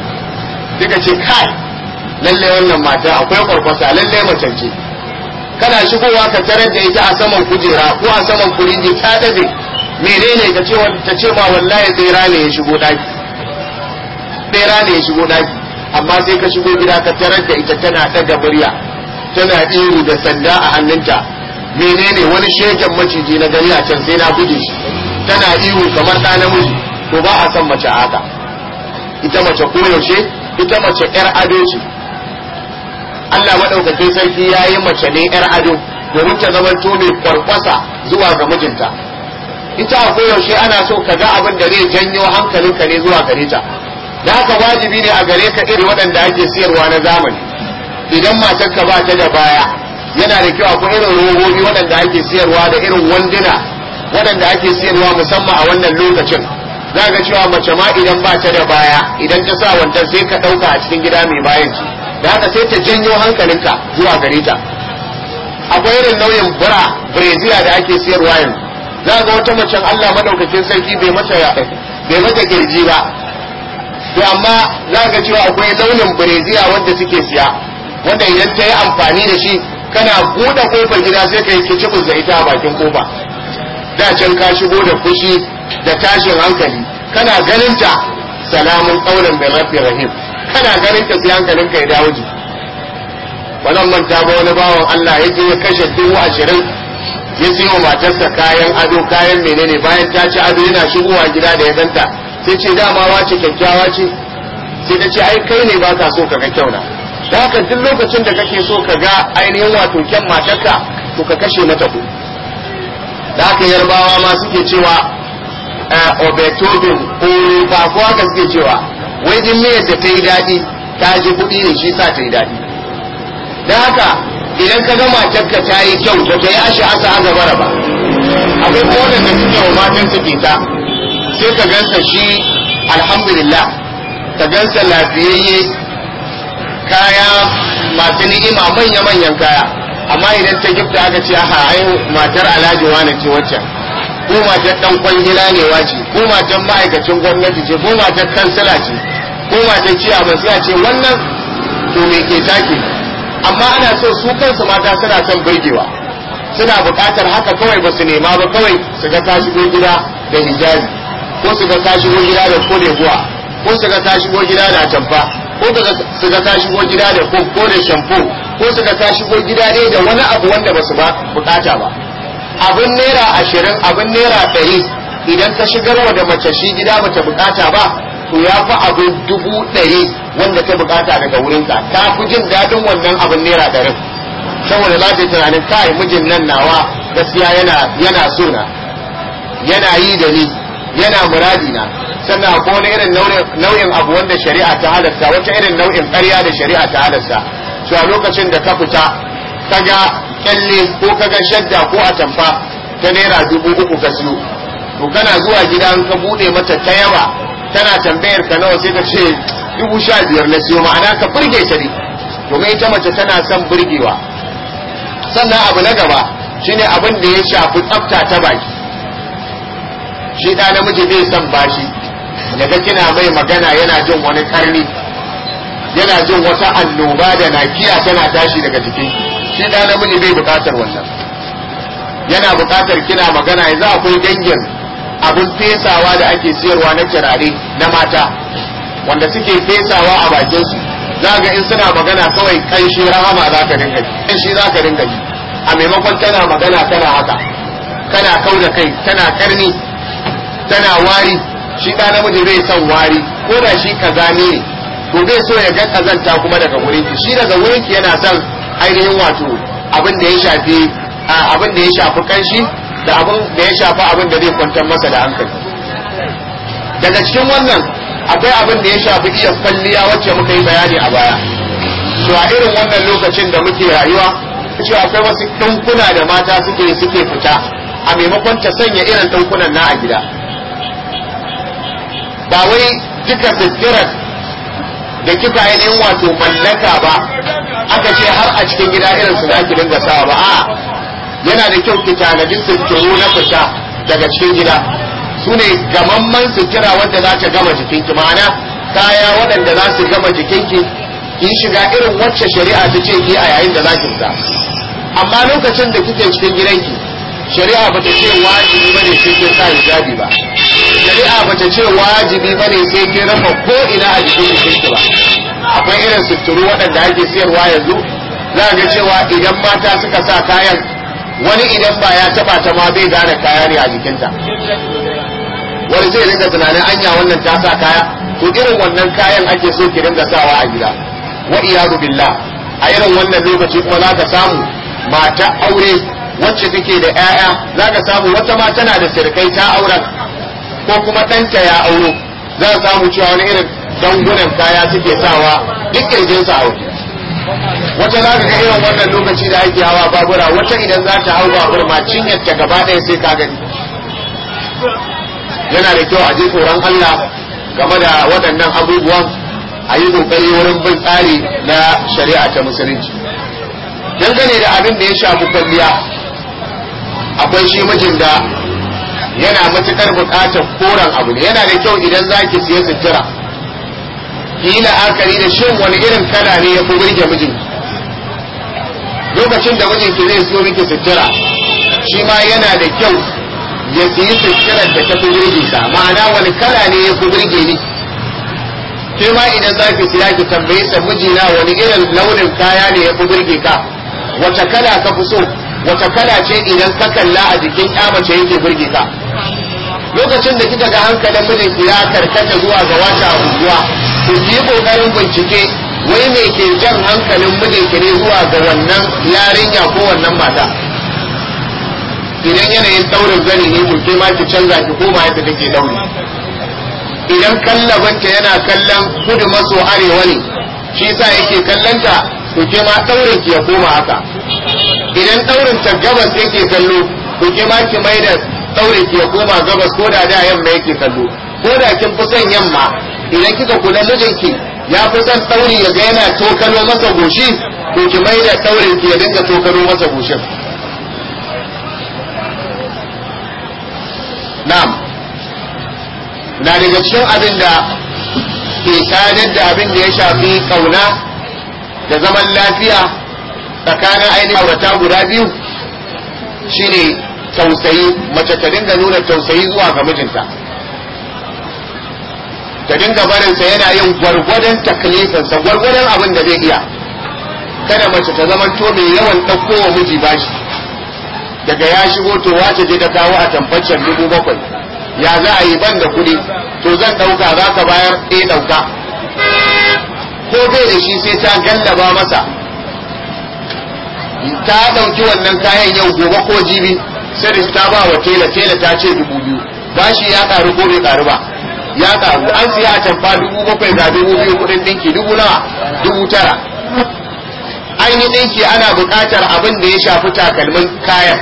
Speaker 2: sai ka ce kai lalle wannan mata akwai kwarkwasa lalle macen ce kana shigowa ka tarar da ita a saman kujera ko a saman kuringi ta dade menene ta ce ta ce ma wallahi tsira ne ya shigo daki tsira ne ya shigo daki amma sai ka shigo gida ka tarar da ita tana daga murya tana iri da sanda a hannunta menene wani shekan maciji na gari a can sai na guje shi tana iri kamar ɗa namiji to ba a san mace haka ita mace koyaushe ita mace yar ado ce Allah maɗaukakin sarki ya yi mace ne yar ado domin ta zama to mai kwarkwasa zuwa ga mijinta ita a yaushe ana so ka ga abin da zai janyo hankalinka ne zuwa gare ta da haka wajibi ne a gare ka irin waɗanda ake siyarwa na zamani idan ka ba ta da baya yana da kyau akwai irin robobi waɗanda ake siyarwa da irin wanduna waɗanda ake siyarwa musamman a wannan lokacin za ga cewa mace ma idan ba ta da baya idan ta sa wancan sai ka ɗauka a cikin gida mai bayan ci da haka sai ta janyo hankalinka zuwa gare ta akwai irin nauyin bura breziya da ake siyarwa yanzu za ga wata macen Allah madaukakin sarki bai mata bai mata kirji ba to amma za ga cewa akwai launin bireziya wanda suke siya wanda idan ta yi amfani da shi kana buɗe kofar gida sai ka yi kici da ita a bakin kofa da can ka shigo da fushi da tashin hankali kana ganin ta salamun qaulan bai rafi rahim kana ganin ta sai hankalin ka ya dawo ji wannan manta ba wani bawan Allah yake ya kashe dubu ashirin ya siyo matarsa kayan ado kayan menene bayan ta ci ado yana shigowa gida da ya ganta sai ce dama wace kyakkyawa ce sai ta ce ai kai ne ba ka so ka ga kyauna da haka duk lokacin da kake so ka ga ainihin wato kyan matarka to ka kashe mata ku da haka yarbawa ma suke cewa eh, obetobin ko bakuwa ka suke cewa wajen miyar da ta yi daɗi ta ji kuɗi ne shi sa ta yi daɗi da haka idan ka gama matarka ta yi kyau to ta yi ashi asa a bara ba akwai ko da suke wa matan su fita sai ka gansa shi alhamdulillah ka gansa lafiyayye kaya masu ni'ima manya-manyan kaya amma idan ta gifta aka ce aka ai matar alhaji wani ce wancan ko matar dan kwangila ne wace ko matar ma'aikacin gwamnati ce ko matar kansila ce ko matar ciyaman masu ce wannan to me ke take amma ana so su kansu mata suna son burgewa suna buƙatar haka kawai ba su nema ba kawai su ga ta shigo gida da hijabi ko su ga ta shigo gida da kodebuwa ko su ga ta shigo gida da tamfa ko su ga ta shigo gida da ko ko da shampo ko su ga ta shigo gida dai da wani abu wanda ba su ba buƙata ba abin naira ashirin abin naira ɗari idan ka shigarwa da mace shi gida bata buƙata ba to ya fi abin dubu ɗari wanda ta bukata daga wurin ka fi jin daɗin wannan abin naira darin saboda za ta yi tunanin kai mijin nan nawa gaskiya yana yana so na yana yi da ni yana muradi na sannan ko wani irin nau'in abu wanda shari'a ta halarta wata irin nau'in ƙarya da shari'a ta halarta to a lokacin da ka fita ka ga kyalle ko ka ga shadda ko a tamfa ta naira dubu uku ka siyo to kana zuwa gida ka bude mata ta yawa tana tambayar ka nawa sai ka ce dubu sha biyar na siyo ma'ana ka burge shi to me ita mace tana son burgewa sannan abu na gaba shine abin da ya shafi tsafta ta baki shi da namiji zai son bashi daga kina mai magana yana jin wani karni yana jin wata annoba da nakiya tana tashi daga jikin shi da namiji bai bukatar wannan yana bukatar kina magana yanzu akwai dangin abin fesawa da ake siyarwa na kirare na mata wanda suke fesawa a bakin su za ga in suna magana kawai kanshi rahama za ka dinga ji kanshi za ka dinga ji a maimakon tana magana tana haka tana kau da kai tana karni tana wari shi ɗa namiji bai son wari ko da shi kaza ne to bai so ya ga kazanta kuma daga wurin ki shi daga wurin ki yana son ainihin wato abin da ya shafi abin da ya shafi kanshi da abin da ya shafa abin da zai kwantar masa da hankali daga cikin wannan akwai abin da ya shafi iya kwalliya wacce muka yi bayani a baya to a irin wannan lokacin da muke rayuwa ce akwai wasu ɗankuna da mata suke suke fita a maimakon ta sanya irin ɗankunan na a gida ba wai duka sistirar da kika ainihin wato mallaka ba aka ce har a cikin gida irin su ki dinga sawa ba a. yana da kyau ki tanadi suturu na fita daga cikin gida su ne gamamman sutura wanda za ta gama jikinki ma'ana kaya waɗanda za su gama jikinki in shiga irin wacce shari'a ta ce ki a yayin da za ki fita amma lokacin da kike cikin gidanki shari'a ba ta ce wajibi bane sai kin sa hijabi ba shari'a ba ta ce wajibi bane sai kin rafa ko ina a jikin jikinki ba akwai irin suturu waɗanda ake siyarwa yanzu za ga cewa idan mata suka sa kayan wani idan ba ya taba ta ma bai gane kaya ne a jikinta wani zai rinka tunanin anya wannan ta sa kaya to irin wannan kayan ake so ki rinka sawa a gida wa iyadu billah a irin wannan lokaci kuma za ka samu mata aure wacce take da 'ya'ya za ka samu wata ma tana da sirkai ta auren ko kuma ɗanta ya auro za ka samu cewa wani irin dangunan kaya suke sawa duk a aure
Speaker 1: wata za ka ga irin wannan lokaci da ake hawa babura wata idan za ta hau babur ma cinyar ta gaba
Speaker 2: ɗaya sai ka gani yana da kyau a ji tsoron Allah game da waɗannan abubuwan a yi kokari wurin bin tsari na shari'a ta musulunci dangane da abin da ya shafi kwalliya akwai shi mijin da yana matuƙar buƙatar koren abu ne yana da kyau idan za ki siya sutura ki yi la'akari da shin wani irin kala ne ya fi burge mijin lokacin da mijinki zai so rike sutura shi ma yana da kyau ya siyi suturar da ta fi burge sa ma'ana wani kala ne ya fi burge ni ke ma idan za ki siya ki tambaye sa mijina wani irin launin kaya ne ya fi burge ka wata kala ka fi so wata kala ce idan ka kalla a jikin mace yake burge ka lokacin da kika ga hankalin mijinki ya karkata zuwa ga wata unguwa to ji yi kokarin bincike wai me ke jan hankalin mijinki ne zuwa ga wannan yarinya ko wannan mata idan yanayin taurin gani ne to ke ma ki canza ki koma yadda take dauri idan ta yana kallon kudu maso arewa ne shi sa yake kallanta to ke ma taurin ki ya koma haka idan taurin ta gabas yake kallo to ke ma ki mai da ki ya koma gabas ko da da yamma yake kallo ko da kin fi son yamma idan kika kula mijinki ya fi son sauri ya ga yana tokano masa goshi ko ki mai da tsaurin ki ya dinga tokano masa goshin na'am na daga cikin abin da ke sadar da abin da ya shafi kauna da zaman lafiya tsakanin ainihin aurata guda biyu shine tausayi mace ta dinga nuna tausayi zuwa ga mijinta ta dinga barinsa yana yin gwargwadon sa gwargwadon abin da zai iya kada mace ta zama to mai yawan ɗauko wa miji bashi daga ya shigo to wace je ta kawo a tambacin dubu bakwai ya za a yi ban da kuɗi to zan ɗauka za ka bayar eh ɗauka ko bai da shi sai ta gallaba masa ta ɗauki wannan kayan yau gobe ko jibi sai ta ba wa tela tela ta ce dubu biyu bashi ya karu ko bai karu ba ya karu an siya a can fa dubu bakwai ga dubu biyu kudin dinki dubu nawa dubu tara an yi dinki ana buƙatar abin da ya shafi takalmin kayan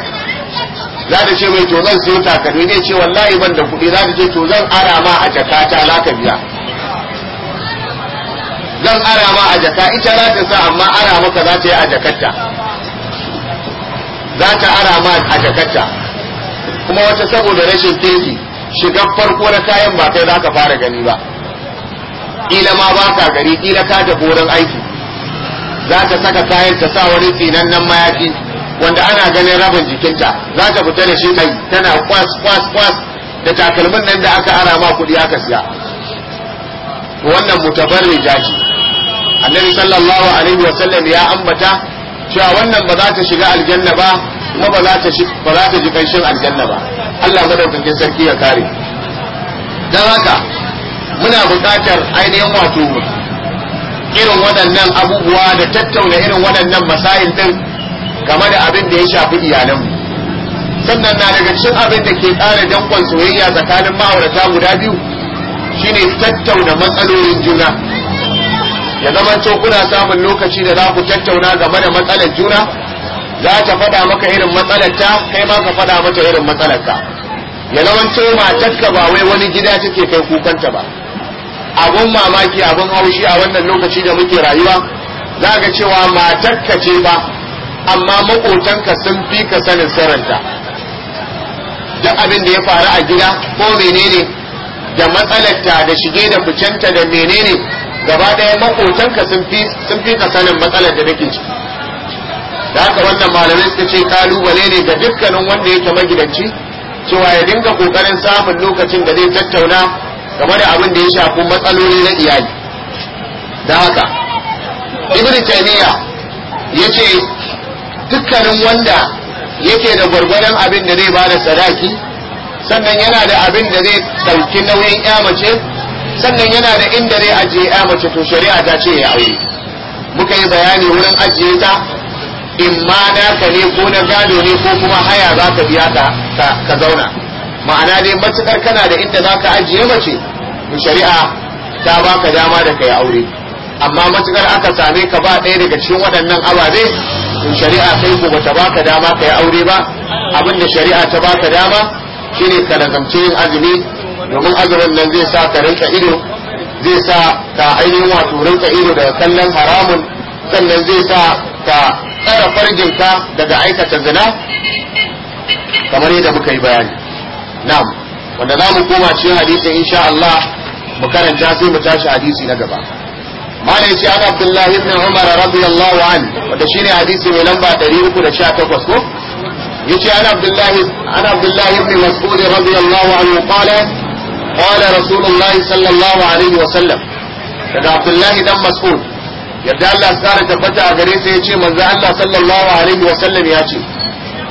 Speaker 2: za ta ce mai to zan siyo takalmi zai ce wallahi ban da kuɗi za ta ce to zan ara ma a jakata za ka biya zan ara ma a jaka ita za ta sa amma ara maka za ta yi a jakarta za ta ara ma a jakarta kuma wata saboda rashin kirki shigar farko na kayan ba kai za fara gani ba kila ma ba ka gari kila ka da wurin aiki za ta saka kayan ta sa wani tsinannen mayafi wanda ana ganin rabin jikinta za ta fita da shi kai tana kwas kwas kwas da takalmin nan da aka ara ma kuɗi aka siya wannan mutabarri jaki. annabi sallallahu alaihi wa sallam ya ambata cewa wannan ba za ta shiga aljanna ba kuma ba za ta ji kanshin aljanna ba Allah madaukakin sarki ya kare don haka muna buƙatar ainihin wato irin waɗannan abubuwa da tattauna irin waɗannan masayin din game da abin da ya shafi iyalanmu sannan na daga cikin abin da ke ƙara dankon soyayya tsakanin ma'aurata guda biyu shine tattauna matsalolin juna ya zamanto kuna samun lokaci da za ku tattauna game da matsalar juna za ta faɗa maka irin matsalarta kai ma ka faɗa mata irin matsalarka ya zamanto matarka ba wai wani gida take kai kukanta ba abun mamaki abun haushi a wannan lokaci da muke rayuwa za ga cewa matarka ce ba amma maƙotanka sun fi ka sanin saranta. duk abin da ya faru a gida ko menene da matsalarta da shige da ficenta da menene gaba ɗaya maƙotanka sun fi ka sanin matsalar da nake ciki da haka wannan malamai suka ce kalubale ne ga dukkanin wanda yake magidanci cewa ya dinga kokarin samun lokacin da zai tattauna game da abin da ya shafi matsaloli na iyali da haka ibn taymiya yace dukkanin wanda yake da gwargwaron abin da zai bada sadaki sannan yana da abin da zai dauki nauyin ya mace sannan yana da inda zai ajiye ya mace to shari'a ta ce ya aure muka yi bayani wurin ajiye ta in ma naka ne ko na gado ne ko kuma haya za ka biya ka zauna ma'ana dai matukar kana da inda za ka ajiye mace in shari'a ta ba ka dama da kai aure amma matukar aka same ka ba ɗaya daga cikin waɗannan ababe in shari'a kai ko bata ka dama kai aure ba abin da shari'a ta ba ka dama shine ka nazamce yin azumi domin azumin nan zai sa ka rinka ido zai sa ka ainihin wato rinka ido daga kallon haramun sannan zai sa ka tsara farjinka daga aikata zina kamar yadda muka yi bayani na'am wanda za mu koma cikin hadisin insha Allah mu karanta sai mu tashi hadisi na gaba malai ce an abdullahi ibn umar radiyallahu an wanda shine hadisi mai lamba 318 ko yace an abdullahi an abdullahi ibn mas'ud radiyallahu anhu qala qala rasulullahi sallallahu alaihi wa sallam daga abdullahi dan mas'ud yadda Allah ya kare tabbata a gare sa yace manzo Allah sallallahu alaihi wa sallam ya ce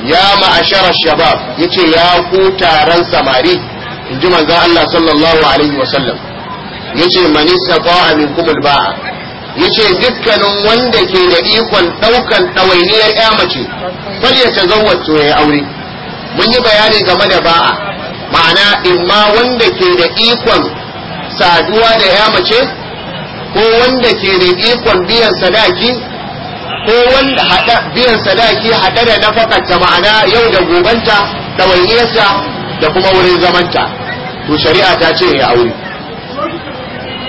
Speaker 2: ya ma'ashara shabab yace ya ku taron samari inji manzo Allah sallallahu alaihi wa sallam yace man istata'a minkum al ba. yace dukkanin wanda ke da ikon daukan ɗawainiyar ya mace fal ya tazawwaj to ya aure mun yi bayani game da ba'a ma'ana imma wanda ke da ikon saduwa da ya mace ko wanda ke da ikon biyan sadaki ko wanda hada biyan sadaki hada da nafakarta ma'ana yau da gobanta wayyarsa da kuma wurin zamanta to shari'a ta ce ya aure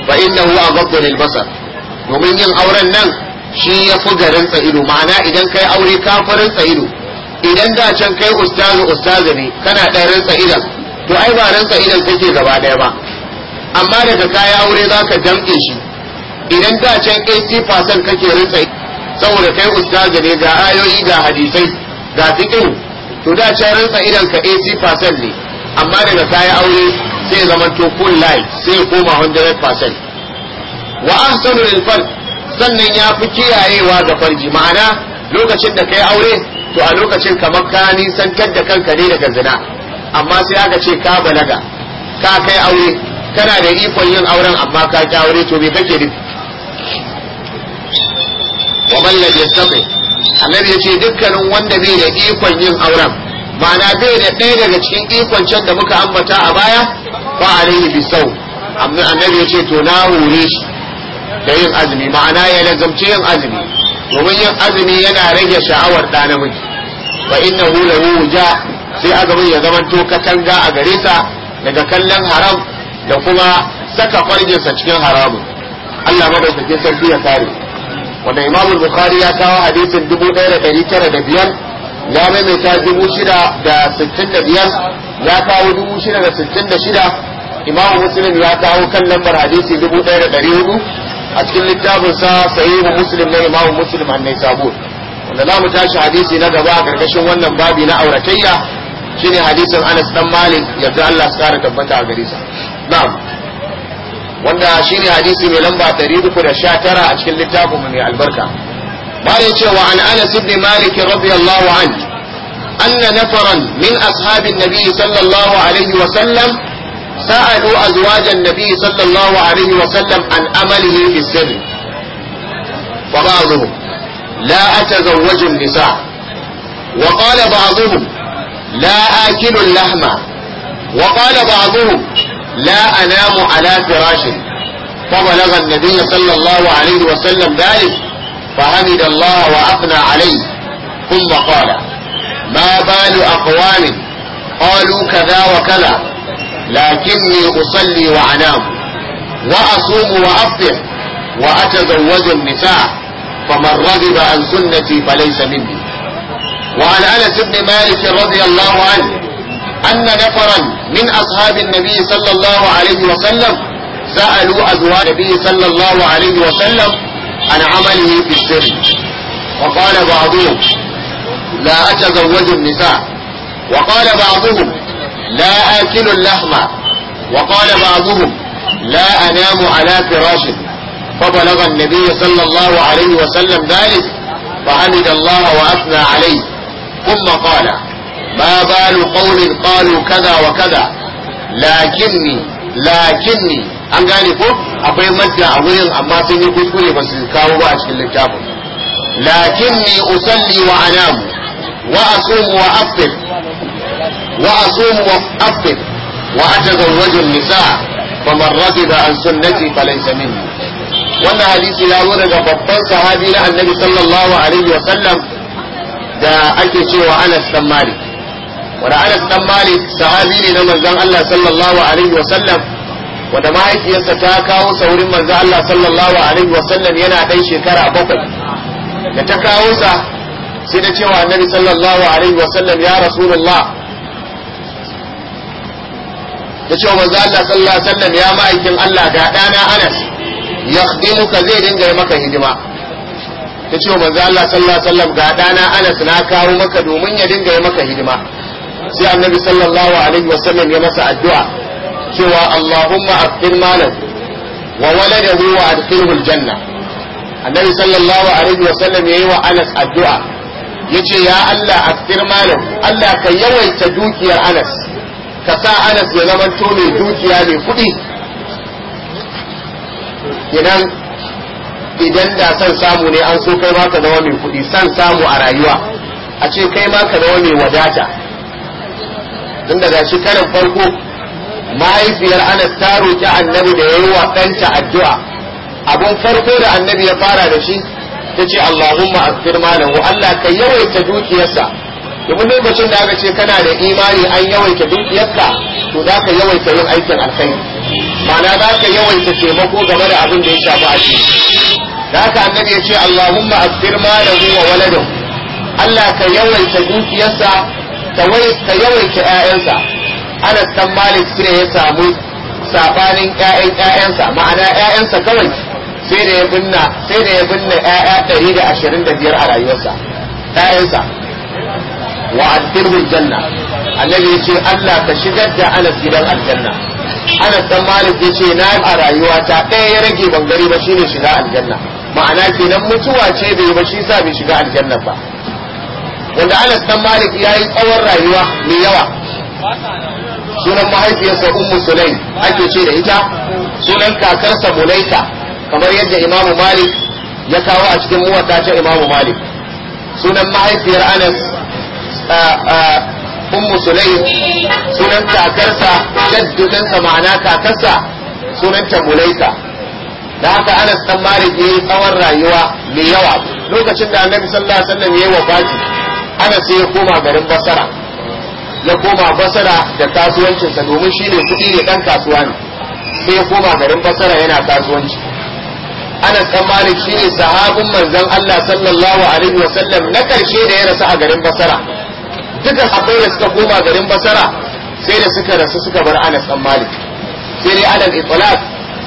Speaker 2: fa innahu aghaddu lil basar domin yin auren nan shi ya fi garin ido ma'ana idan kai aure kafarin ido idan da can kai ustazu ustazu ne kana ɗan rinsa idan to ai ba rinsa tsaidan kake gaba ɗaya ba amma daga kaya aure zaka ka shi idan da can 80% kake rantsa saboda kai ustazi ne ga ayoyi ga hadisai ga cikin to da can rantsa idan ka 80% eh ne amma daga kayan aure sai zama to full life sai koma 100% wa ahsanu lil sannan ya fi kiyayewa ga farji ma'ana lokacin da kai aure to a lokacin kamar ka nisantar da kanka ne daga zina amma sai aka ce ka balaga ka kai aure kana da ikon yin auren amma ka kai aure to me kake nufi wa man lam yastati ya yace dukkanin wanda bai da ikon yin auren ma'ana bai da ɗaya daga cikin ikon can da muka ambata a baya ba alaihi bisau amma ya yace to na hure shi da yin azumi ma'ana ya lazamci yin azumi domin yin azumi yana rage sha'awar ɗa namiji fa innahu lahu ja sai azumin ya zamanto katanga a gare sa daga kallon haram da kuma saka farjinsa cikin haramun Allah madaukakin sarki ya kare wanda imamu bukhari ya kawo hadisin biyar ya maimaita dubu shida da da sittin biyar ya kawo dubu shida da da sittin shida imamu muslim ya kawo kan lambar hadisi hudu a cikin littafinsa sahihu muslim na imamu muslim annai sabur wanda za mu tashi hadisi na gaba a karkashin wannan babi na auratayya shine hadisin anas dan malik yadda Allah ya kara tabbata a gare sa na'am wanda shi ne hadisi mai lamba 319 a cikin littafin mai albarka
Speaker 1: bayan cewa an anas
Speaker 2: ibn malik radiyallahu an anna nafaran min ashabin nabi sallallahu alaihi wa sallam sa'alu azwajan nabi sallallahu alaihi wa sallam an amalihi fi sirri fa ba'dhum la atazawwaju an-nisa wa qala ba'dhum la akilu al-lahma wa qala ba'dhum لا أنام على فراشي فبلغ النبي صلى الله عليه وسلم ذلك فحمد الله وأثنى عليه ثم قال ما بال أقوام قالوا كذا وكذا لكني أصلي وأنام وأصوم وأفطر وأتزوج النساء فمن رغب عن سنتي فليس مني وعن أنس بن مالك رضي الله عنه أن نفرا من أصحاب النبي صلى الله عليه وسلم سألوا أزواج النبي صلى الله عليه وسلم عن عمله في السر وقال بعضهم لا أتزوج النساء وقال بعضهم لا آكل اللحم وقال بعضهم لا أنام على فراش فبلغ النبي صلى الله عليه وسلم ذلك فحمد الله وأثنى عليه ثم قال ما بال قول قالوا كذا وكذا لكني لكني an gane ko akwai madda a wurin amma sun yi kuskure ba su kawo ba a cikin littafin lakinni usalli wa anam wa asumu wa aftir wa asumu wa aftir wa atazawwaju nisa fa man raghiba an sunnati falaysa minni wannan hadisi ya zo daga babban sahabi na annabi sallallahu alaihi wa sallam da ake cewa Anas dan Malik wanda Anas dan Malik sahabi ne na manzon Allah sallallahu alaihi wa sallam wanda mahaifiyarsa ta kawo sa wurin manzon Allah sallallahu alaihi wa sallam yana dan shekara bakwai da ta kawo sa sai ta cewa annabi sallallahu alaihi wa sallam ya rasulullah ta cewa manzon Allah sallallahu alaihi wa sallam ya ma'aikin Allah ga ɗana Anas yakhdimuka zai dinga yi maka hidima ta ce wa manzo Allah sallallahu alaihi wasallam ga dana Anas na kawo maka domin ya dinga yi maka hidima sai annabi sallallahu alaihi wasallam ya masa addu'a cewa Allahumma afkir malam wa waladahu wa adkhilhu aljanna annabi sallallahu alaihi wasallam yayi wa Anas addu'a yace ya Allah afkir malam Allah ka yawaita dukiyar Anas ka sa Anas ya zama to mai dukiya mai kuɗi idan idan da san samu ne an so kai ma ka zama mai kuɗi san samu a rayuwa a ce kai ma ka zama mai wadata tun daga shi karin farko mahaifiyar anas ta roƙi annabi da yayi wa ɗanta addu'a abun farko da annabi ya fara da shi ta ce allahumma afir malahu allah ka yawaita dukiyarsa domin lokacin da aka ce kana da imani an yawaita dukiyarka to za ka yawaita yin aikin alkhairi ma'ana za ka yawaita taimako game da abin da ya shafi addini da haka annabi ya ce Allahumma asfir malahu wa waladahu Allah ka yawaita dukiyarsa ka yawaita 'ya'yansa, anas dan malik sai ya samu sabanin ƴaƴan ƴaƴansa ma'ana 'ya'yansa kawai sai da ya binna sai da ya binna ƴaƴa a rayuwarsa Ya'yansa, wa adkhilhul janna annabi yace Allah ka shigar da anas gidan aljanna Anastan dan malik ce na a rayuwata ɗaya ya rage bangare ba shine shiga aljanna ma'ana kenan mutuwa ce bai ba shi sa bai shiga aljanna ba wanda Anas dan Malik ya yi tsawon rayuwa mai yawa sunan mahaifiyarsa Ummu Sulaim ake ce da ita sunan kakarsa Mulaika kamar yadda Imam Malik ya kawo a cikin muwatta ta Imam Malik sunan mahaifiyar Anas Ummu Sulaim sunan kakarsa jaddudinsa ma'ana kakarsa sunanta Mulaika da haka Anas dan Malik ya yi tsawon rayuwa mai yawa lokacin da Annabi sallallahu alaihi wasallam yayi wafati ana sai ya koma garin basara ya koma basara da kasuwancinsa domin shi ne kuɗi ne ɗan kasuwa ne sai ya koma garin basara yana kasuwanci ana tsammanin shi ne sahabin manzan Allah sallallahu alaihi wasallam na ƙarshe da ya rasu a garin basara duka sahabbai da suka koma garin basara sai da suka rasu suka bar Anas dan Malik sai dai alal itlaq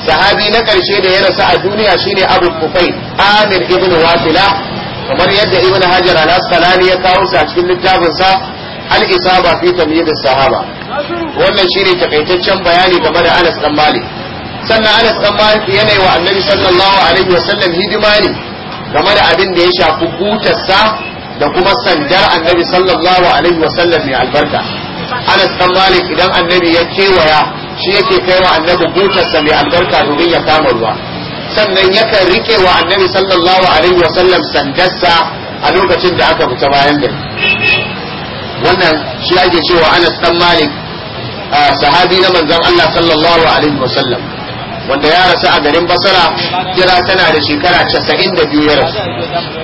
Speaker 2: sahabi na ƙarshe da ya rasu a duniya shine Abu Kufay Amir ibn Wasila kamar yadda ibn hajar al asqalani ya kawo sa cikin littafin sa al isaba fi tamyiz sahaba wannan shine takaitaccen bayani game da Anas dan Malik sannan Anas dan Malik yana wa Annabi sallallahu alaihi wasallam hidima ne game da abin da ya shafi butarsa da kuma sandar Annabi sallallahu alaihi wasallam mai albarka Anas dan Malik idan Annabi ya kewaya shi yake kaiwa Annabi butarsa mai albarka domin ya kama ruwa sannan yakan rike wa annabi sallallahu alaihi wa sallam sandarsa a lokacin da aka fita bayan gari wannan shi ake cewa Anas dan Malik sahabi na manzon Allah sallallahu alaihi wa sallam wanda ya rasu a garin basara. jira tana da shekara 92 ya rasu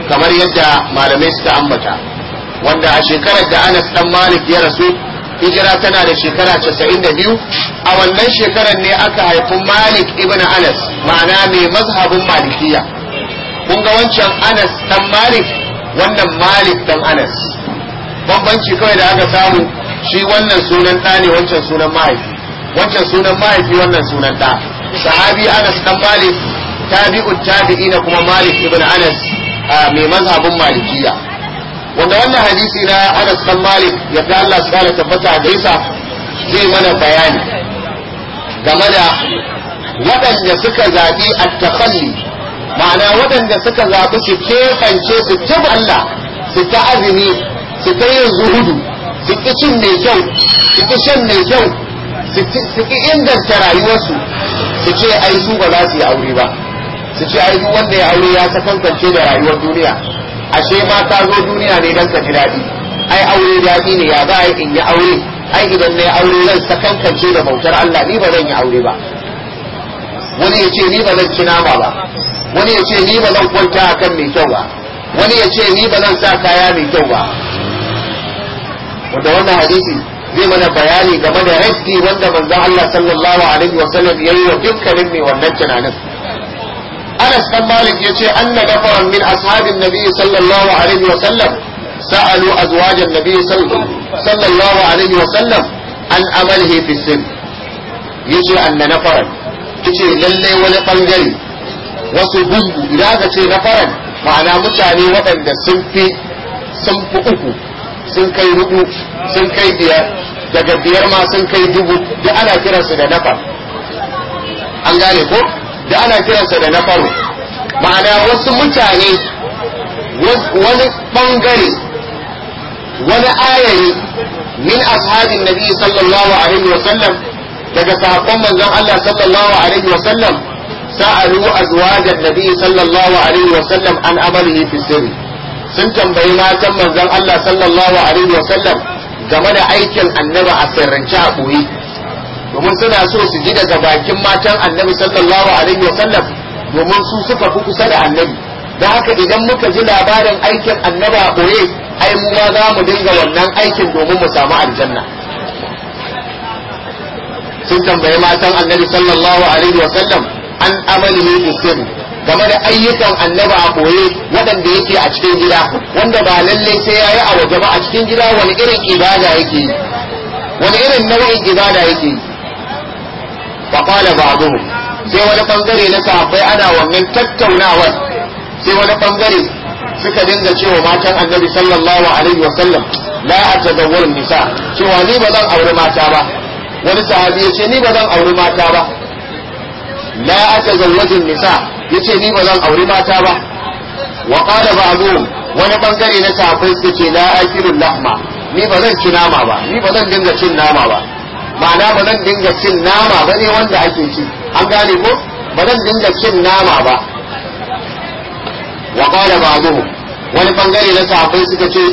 Speaker 2: kamar yadda malamai suka ambata wanda a shekarar da Anas dan Malik ya rasu hijira tana da shekara 92 a wannan shekarar ne aka haifi malik ibn anas ma'ana mai mazhabin malikiya kun ga wancan anas dan malik wannan malik dan anas bambanci kawai da aka samu shi wannan sunan ɗa ne wancan sunan mahaifi wancan sunan mahaifi wannan sunan ɗa
Speaker 1: sahabi anas
Speaker 2: dan malik tabi'ut tabi'ina kuma malik ibn anas mai mazhabin malikiya wanda wannan hadisi na Anas dan Malik ya da Allah da kare tabbata gaisa zai mana bayani game da waɗanda suka zaɓi at-takhalli ma'ana waɗanda suka zaɓi su kefance su tab Allah su ta azumi su ta yin zuhudu su ki cin mai kyau su shan mai kyau su ki inganta rayuwarsu su ce ai su ba za su yi aure ba su ce ai duk wanda ya aure ya ta kankance da rayuwar duniya ashe ma ka zo duniya ne dan ka ji daɗi ai aure daɗi ne ya ba in yi aure ai idan na yi aure zan sakankance da bautar Allah ni ba zan yi aure ba wani ya ce ni ba zan ci nama ba wani ya ce ni ba zan kwanta akan mai kyau ba wani ya ce ni ba zan sa kaya mai kyau ba wanda wannan hadisi zai mana bayani game da raddi wanda manzon Allah sallallahu alaihi wasallam yi wa dukkanin mai wannan tunanin Anas dan Malik yace anna nafaran min ashabin nabi sallallahu alaihi wa sallam sa'alu azwajan nabi sallallahu alaihi wa sallam an amalihi fi sirr yace anna nafaran yace lalle wani bangare wasu gungu idan aka ce nafaran ma'ana mutane waɗanda sun fi sun fi uku sun kai hudu sun kai biyar daga biyar ma sun kai dubu da ana kiransu da nafa an gane ko da ana kiransa da na faru. ma'ana wasu mutane wani bangare wani ayari min ashabin nabi sallallahu alaihi wa sallam daga sahabban manzon Allah sallallahu alaihi wa sallam sa'alu azwajan nabi sallallahu alaihi wa sallam an amalihi fi sirri sun tambayi matan manzon Allah sallallahu alaihi wa sallam game da aikin annaba a sirrance a koyi domin suna so su ji daga bakin matan annabi sallallahu alaihi wa sallam domin su suka fi kusa da annabi da haka idan muka ji labarin aikin annaba koye ai mu ma za mu dinga wannan aikin domin mu samu aljanna sun tambayi matan annabi sallallahu alaihi wa sallam an amalihi isim game da ayyukan annaba a boye waɗanda yake a cikin gida wanda ba lalle sai yayi a waje ba a cikin gida wani irin ibada yake wani irin nau'in ibada yake yi faqala ba'dhum sai wani bangare na sahabbai ana wannan tattaunawar sai wani bangare suka dinga cewa matan annabi sallallahu alaihi wa sallam la atazawwar nisa cewa ni ba zan aure mata ba wani sahabi ya ce ni ba zan aure mata ba la atazawwajun nisa ce ni ba zan aure mata ba wa qala ba'dhum wani bangare na sahabbai suka ce la akilul lahma ni ba zan ci nama ba ni ba zan dinga cin nama ba ma'ana ba zan dinga cin nama ba ne wanda ake ci an gane ko ba zan dinga cin nama ba wa qala ba'dhum wani bangare na sahabbai suka ce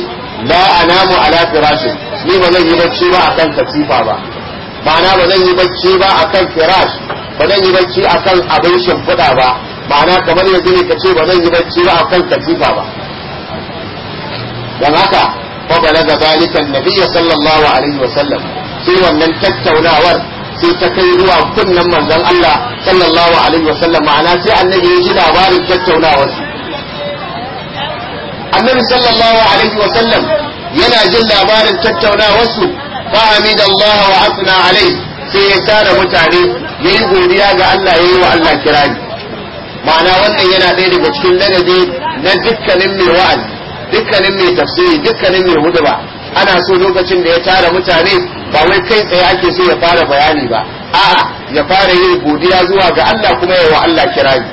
Speaker 2: la anamu ala firashi ni ba zan yi bacci ba akan katifa ba ma'ana ba zan yi bacci ba akan firash ba zan yi bacci akan abin shimfiɗa ba ma'ana kamar yanzu ne kace ba zan yi bacci ba akan katifa ba dan haka fa balaga zalika annabi sallallahu alaihi wasallam sai wannan tattaunawar sai ta kai zuwa kunnan manzon Allah sallallahu alaihi wasallam ma'ana sai annabi ya ji labarin tattaunawar annabi sallallahu alaihi wasallam yana jin labarin tattaunawar su fa Allah wa asna alaihi sai ya tara mutane yayi godiya ga Allah yayi wa Allah kirani ma'ana wannan yana ɗaya daga cikin ladabi na dukkanin mai wa'azi dukkanin mai tafsiri dukkanin mai ba ana so lokacin da ya tara mutane ba wai kai tsaye ake so ya fara bayani ba a'a ya fara yin godiya zuwa ga Allah kuma ya wa Allah kirari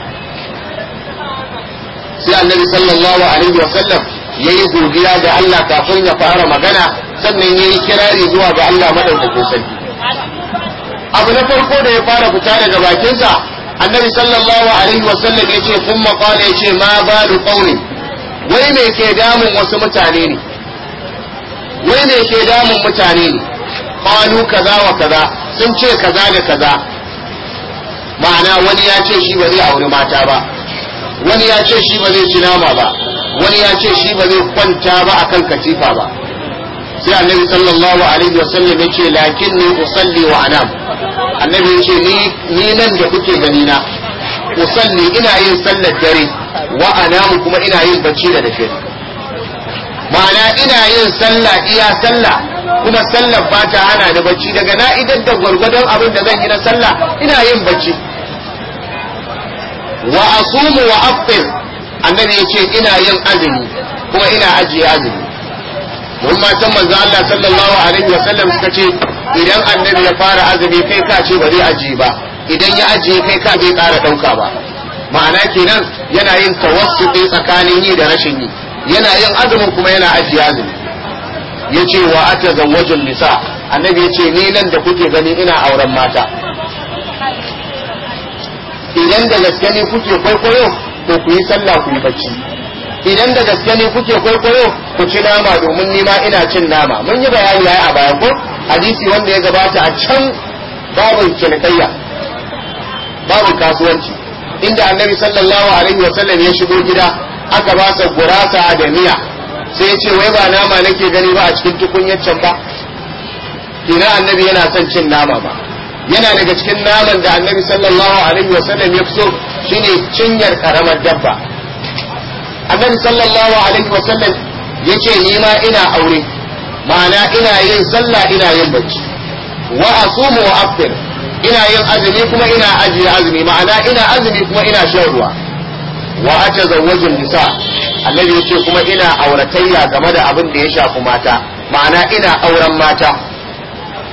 Speaker 2: sai annabi sallallahu alaihi wa sallam yayi godiya ga Allah kafin ya fara magana sannan yayi kirari zuwa ga Allah madaukakin sarki abu na farko da ya fara fita daga bakinsa annabi sallallahu alaihi wa sallam yace kuma qala yace ma balu qawli wai me ke damun wasu mutane ne wai me ke damun mutane ne qalu kaza wa kaza sun ce kaza da kaza ma'ana wani ya ce shi ba zai auri mata ba wani ya ce shi ba zai ci nama ba wani ya ce shi ba zai kwanta ba akan katifa ba sai annabi sallallahu alaihi wa ya ce lakin ni usalli wa anam annabi ya ce ni nan da kuke gani na usalli ina yin sallar dare wa anam kuma ina yin bacci da dafe ma'ana ina yin sallah iya sallah kuma sallah ba ta hana ni bacci daga na idan da gwargwadon abin da zan yi na sallah ina yin bacci wa asumu wa afir annabi yace ina yin azumi kuma ina ajiye azumi mun san manzo Allah sallallahu alaihi wa sallam suka ce idan annabi ya fara azumi kai ka ce zai ajiye ba idan ya ajiye kai ka bai ƙara ɗauka ba ma'ana kenan yana yin tawassuti tsakanin yi da rashin yi yana yin azumin kuma yana aji azumi yace wa zawajin nisa annabi ya ce ni nan da kuke gani ina auren mata idan da gaske ne kuke kwaikwayo to ku yi sallah ku yi bacci idan da gaske ne kuke kwaikwayo ku ci nama domin ni ma ina cin nama mun yi bayani yayi a baya ko hadisi wanda ya gabata a can babu cinikayya babu kasuwanci inda annabi sallallahu alaihi wasallam ya shigo gida aka ba sa gurasa da miya sai ya ce wai ba nama nake gani ba a cikin tukunyar can ba ina annabi yana son cin nama ba yana daga cikin naman da annabi sallallahu alaihi wasallam ya so shine cinyar karamar dabba annabi sallallahu alaihi wasallam ya ni ma ina aure ma'ana ina yin sallah ina yin bacci
Speaker 1: wa asumu wa aftir
Speaker 2: ina yin azumi kuma ina ajiye azumi ma'ana ina azumi kuma ina shan ruwa wa ace zawajin nisa annabi yace kuma ina auratayya game da abin da ya shafi mata ma'ana ina auren mata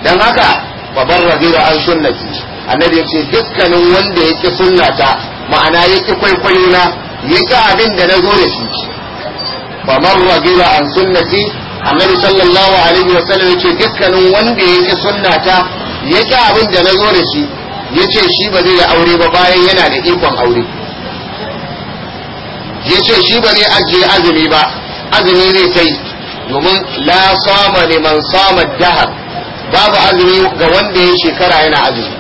Speaker 2: dan haka fa barra gira an sunnati annabi yace dukkanin wanda yake sunnata ma'ana yake kwaikwayo na yake abin da nazo da shi fa barra gira an sunnati annabi sallallahu alaihi wasallam yace dukkanin wanda yake sunnata yake abin da nazo da shi yace shi ba zai aure ba bayan yana da ikon aure ya ce shi ba ne ajiye azumi ba azumi ne sai domin la sama man sama dahar babu azumi ga wanda ya shekara yana azumi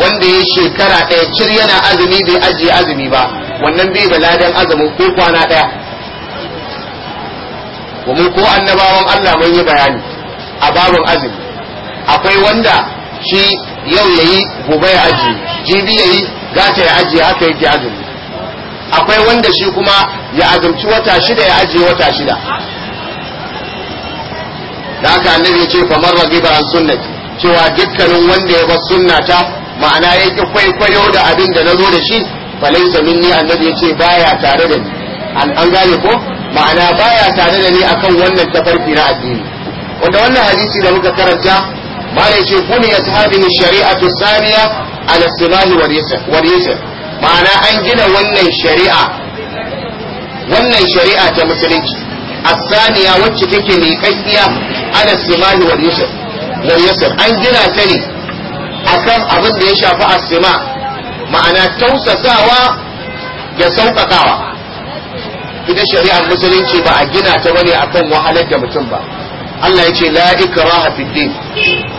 Speaker 2: wanda ya shekara ɗaya cir yana azumi bai ajiye azumi ba wannan bai baladan azumi ko kwana ɗaya domin ko annabawan Allah mun yi bayani a babin azumi akwai wanda shi yau yayi gobe ya ajiye jibi yayi gata ya ajiye haka yake azumi akwai wanda shi kuma ya azumci wata shida ya ajiye wata shida da aka annabi ce fa man an sunnati cewa dukkanin wanda ya bar sunnata ma'ana yake kwaikwayo da abin da na zo da shi fa laysa minni annabi ya yace baya tare da ni an gane ko ma'ana baya tare da ni akan wannan tafarki na addini wanda wannan hadisi da muka karanta malai ce kuniyat ni shari'atu ta ala a wal yasr ma'ana an gina wannan shari'a wannan shari'a ta musulunci asaniya wacce take mai kakkiya ana simani wa yusuf wal yusuf an gina ta ne akan abin da ya shafi asima ma'ana tausasawa da sauƙaƙawa ita shari'ar musulunci ba a gina ta bane akan wahalar da mutum ba Allah ya ce la ikraha din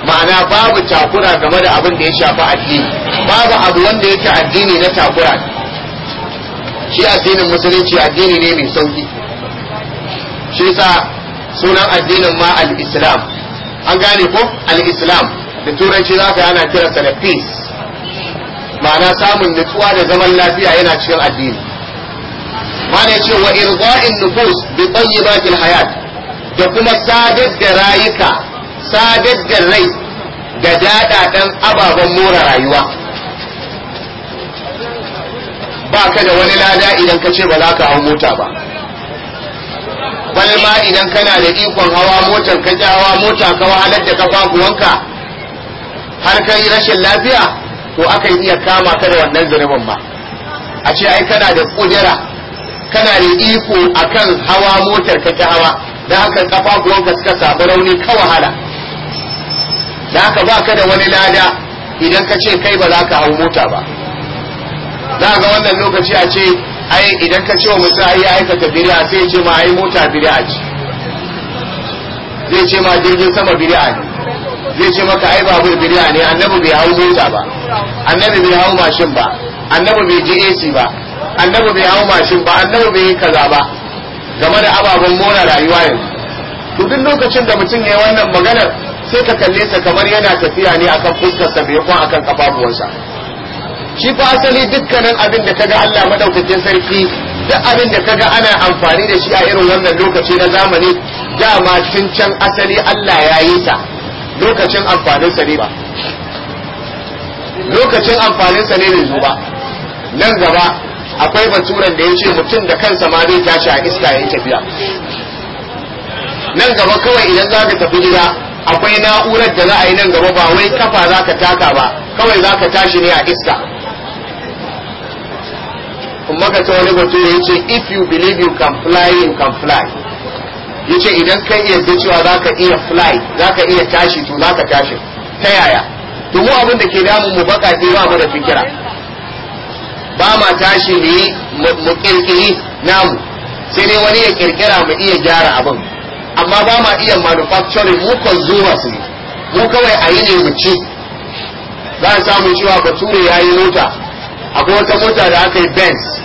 Speaker 2: ma'ana babu takura game da abin da ya shafi addini babu abu wanda yake addini na takura shi addinin musulunci addini ne mai sauki shi sa sunan addinin ma al-islam an gane ko al-islam da turanci za ka yana kiransa da peace ma'ana samun nutsuwa da zaman lafiya yana cikin addini mana ce wa irza'in nufus bi tayyibatil hayat da kuma sadar da rayuka sadar da rai da dadadan ababen more rayuwa ba ka da wani lada idan ka ce ba za ka hau mota ba balma idan kana da ikon hawa motar ka ji hawa mota ka wahalar da kafafuwanka har kai rashin lafiya to akayi iya kama ka da wannan zunubin ba a ce ai kana da kujera kana da iko akan hawa motar ka ta hawa da haka kafafuwanka suka samu rauni ka wahala da haka ba ka da wani lada idan ka ce kai ba za ka hau mota ba za ga wannan lokaci a ce ai idan ka ce wa mutum ai ya aikata a sai ya ce ma ai mota a ci. zai ce ma jirgin sama a ne zai ce maka ai babur a ne annabi bai hau mota ba
Speaker 1: annabi bai hau
Speaker 2: mashin ba annabi bai ji AC ba annabi bai hau mashin ba annabi bai yi kaza ba game da ababen mora rayuwa yanzu to duk lokacin da mutum ya yi wannan maganar sai ka kalle sa kamar yana tafiya ne akan fuskar sa bai akan kafafuwansa shi fa asali dukkanin abin da kaga Allah madaukakin sarki duk abin da kaga ana amfani da shi a irin wannan lokaci na zamani dama tun can asali Allah ya yi ta lokacin amfanin sa ne ba lokacin amfanin sa ne ne ba. nan gaba akwai baturan da ya ce mutum da kansa ma zai tashi a iska ya tafiya nan gaba kawai idan za ka tafi gida akwai na'urar da za a yi nan gaba ba wai kafa za ka taka ba kawai za ka tashi ne a iska kuma ka ta wani batu ya ce if you believe you can fly you can fly ya ce idan ka iya cewa za ka iya fly za ka iya tashi to za ka tashi ta yaya domin abin da ke damun mu baka ke ba mu da fikira ba ma tashi ne mu kirkiri namu sai dai wani ya kirkira mu iya gyara abin amma ba ma iya manufacturing mu consumers ne mu kawai a yi ne mu ci za a samu cewa bature ya yi mota akwai wata mota da aka yi benz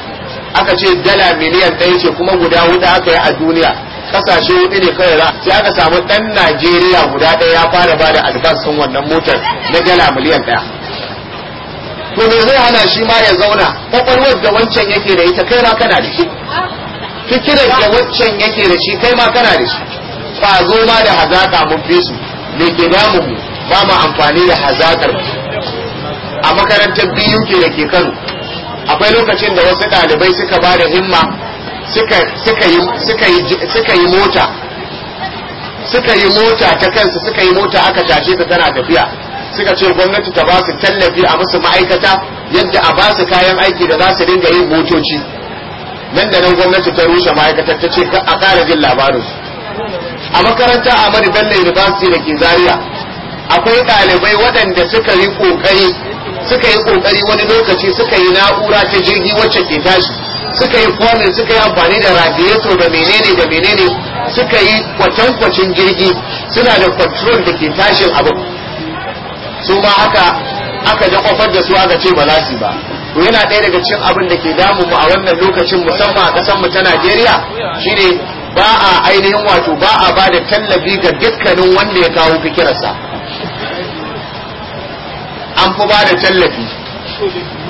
Speaker 2: aka ce dala miliyan ɗaya ce kuma guda hudu aka yi a duniya kasashe hudu ne kawai za sai aka samu ɗan najeriya guda ɗaya ya fara bada albasin wannan motar na dala miliyan ɗaya to me zai hana shi ma ya zauna kwakwalwar da wancan yake da ita kai ma kana da shi fikirar da wancan yake da shi kai ma kana da shi zo ma da hazaka mun fi su me ke damu mu ba mu amfani da hazakar a makarantar biyu ke da ke kano akwai lokacin da wasu ɗalibai suka ba da himma suka yi mota suka yi mota ta kansu suka yi mota aka tashe ta tana tafiya suka ce gwamnati ta ba su tallafi a musu ma'aikata yadda a ba su kayan aiki da za su dinga yin motoci nan da nan gwamnati ta rushe ma'aikatar ta ce a kara jin labarin. a makaranta a Ahmadu Bello University da ke Zariya akwai ɗalibai waɗanda suka yi ƙoƙari suka yi kokari wani lokaci suka yi na'ura ta jirgi wacce ke tashi suka yi fomin suka yi amfani da radiyato da menene da menene suka yi kwatankwacin jirgi suna da control da ke tashin abin su ma haka aka da kofar da su aka ce ba lasi ba to yana ɗaya daga cin abin da ke damun mu a wannan lokacin musamman a ƙasar mu ta Najeriya shine ba a ainihin wato ba a ba da tallafi ga dukkanin wanda ya kawo fikirarsa an fi ba da tallafi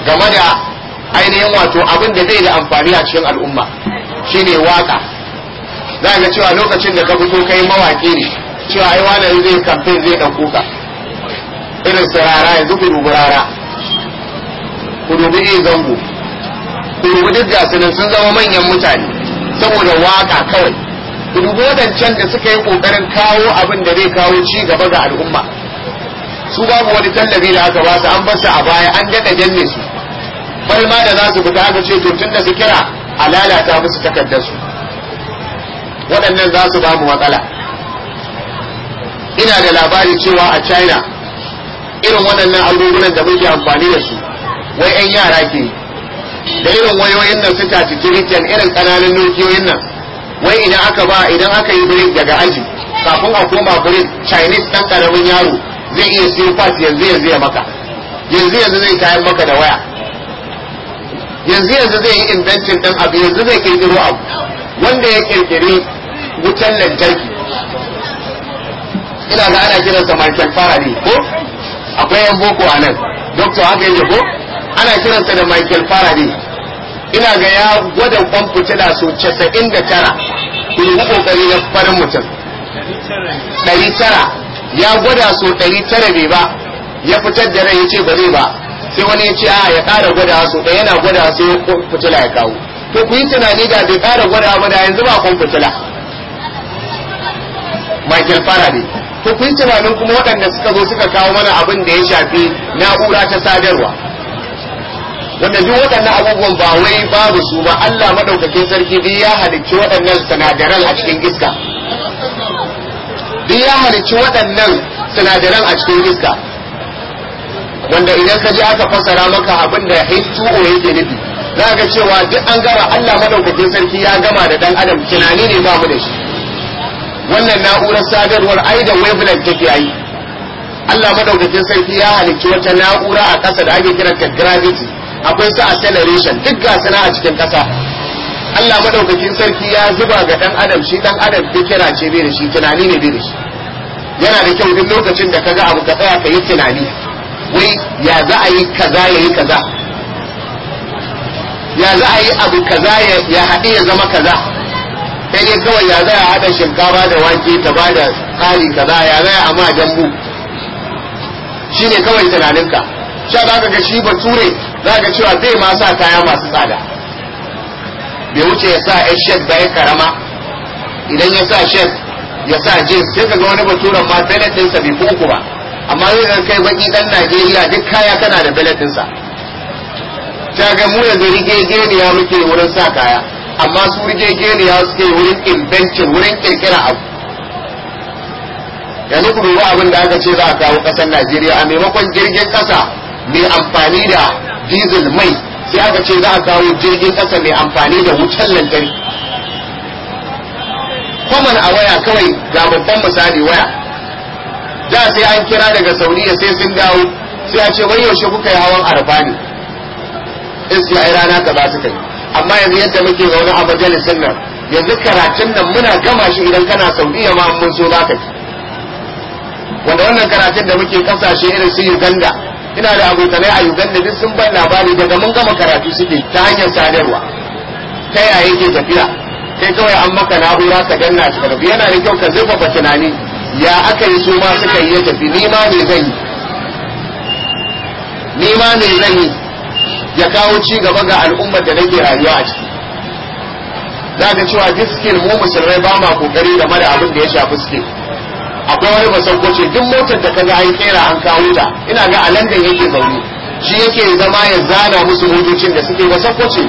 Speaker 2: game da ainihin wato abin da zai da amfani a cikin al'umma shine waka za ga cewa lokacin da ka fito kai mawaƙi ne cewa ai wani zai kamfen zai ɗauko kuka. irin sarara ya ku dubi rara ku dubi iya e zango ku dubi duk gasunan sun zama manyan mutane saboda waka kawai ku dubi wadancan da suka yi ƙoƙarin kawo abin da zai kawo ci gaba ga al'umma su babu wani tallafi da aka basu an basu a baya an daɗa janne su bal da za su fita aka ce to tun da su kira a lalata musu takardar su waɗannan za su bamu matsala ina da labari cewa a china irin waɗannan abubuwan da muke amfani da su wai 'yan yara ke da irin wayoyin nan su tafi kiritan irin ƙananan nokiyoyin nan wai idan aka ba idan aka yi birin daga aji kafin a koma birin chinese ɗan ƙaramin yaro zai iya siyo part yanzu yanzu ya maka yanzu yanzu zai tayar maka da waya yanzu yanzu zai yi invention din abu yanzu zai kirkiro abu wanda ya kirkiri wutan lantarki ina ga ana kiransa Michael Faraday ko akwai yan boko a nan doctor haka yake ko ana kiransa da Michael Faraday ina ga ya gwada kwan fitila so 99 kuma yi kokari na farin mutum ya gwada so ɗari tara bai ba ya fitar da rai ya ce ba zai ba sai wani ya ce a ya ƙara gwada so ɗaya yana gwada sai fitila ya kawo to ku yi tunani da bai ƙara gwada ba da yanzu ba kun fitila Michael Faraday to ku yi tunanin kuma waɗanda suka zo suka kawo mana abin da ya shafi na'ura ta sadarwa wanda duk waɗannan abubuwan ba wai babu su ba Allah madaukakin sarki biyu ya halicci waɗannan sanadaran a cikin iska duk ya halicci waɗannan sinadaran a cikin iska wanda idan ka ji aka fassara maka abin da H2O yake nufi za ga cewa duk an gama Allah madaukakin sarki ya gama da ɗan adam tunani ne ba mu da shi wannan na'urar sadarwar ai da wavelength take yi Allah madaukakin sarki ya halicci wata na'ura a ƙasa da ake kiranta gravity akwai su acceleration duk ga na a cikin ƙasa Allah madaukakin sarki ya zuba ga dan adam shi dan adam kira ce bai da shi tunani ne bai da shi yana da kyau duk lokacin da kaga abu ka tsaya ka yi tunani wai ya za a yi kaza ya yi kaza ya za a yi abu kaza ya haɗe ya zama kaza sai dai kawai ya za a haɗa shinkafa da wake ta ba da tsari kaza ya za a ma dambu shine kawai tunaninka sha za ka ga shi bature za ka cewa zai ma sa kaya masu tsada bai wuce ya sa ɗan shek bayan karama idan ya sa shek ya sa jins sai ka ga wani baturan ma belet ɗinsa bai fi ba amma zai kai baki ɗan najeriya duk kaya kana da belet ɗinsa ta ga mu yanzu ya muke wurin sa kaya amma su ya suke wurin invention wurin kirkira abu yanzu ku dubi abin da aka ce za a kawo ƙasar najeriya a maimakon jirgin ƙasa mai amfani da diesel mai sai aka ce za a kawo jirgin kasa mai amfani da wutar lantarki kwaman a waya kawai ga babban misali waya da sai an kira daga saudiya sai sun dawo sai a ce wai yaushe kuka yi hawan arfa ne in su yi rana ka ba su kai amma yanzu yadda muke wani a majalisin nan yanzu karatun nan muna gama shi idan kana saudiya ma mun so za ka wanda wannan karatun da muke kasashe irin su uganda ina da abokanai a Uganda duk sun bar labari daga mun gama karatu suke ta hanyar sadarwa ta yaya yake tafiya sai kawai an maka na'ura ka ganna shi karbi yana da kyau ka zurfafa tunani ya aka yi su ma suka yi ya tafi ni ma me zan yi ni ma zan yi ya kawo ci gaba ga al'ummar da nake rayuwa a ciki za ka cewa duk mu musulmai ba ma kokari game da abin da ya shafi skill akwai wani basakwace duk motar da kaga an kera an kawo ta ina ga a landan yake zaune shi yake zama ya zana musu motocin da suke basakwace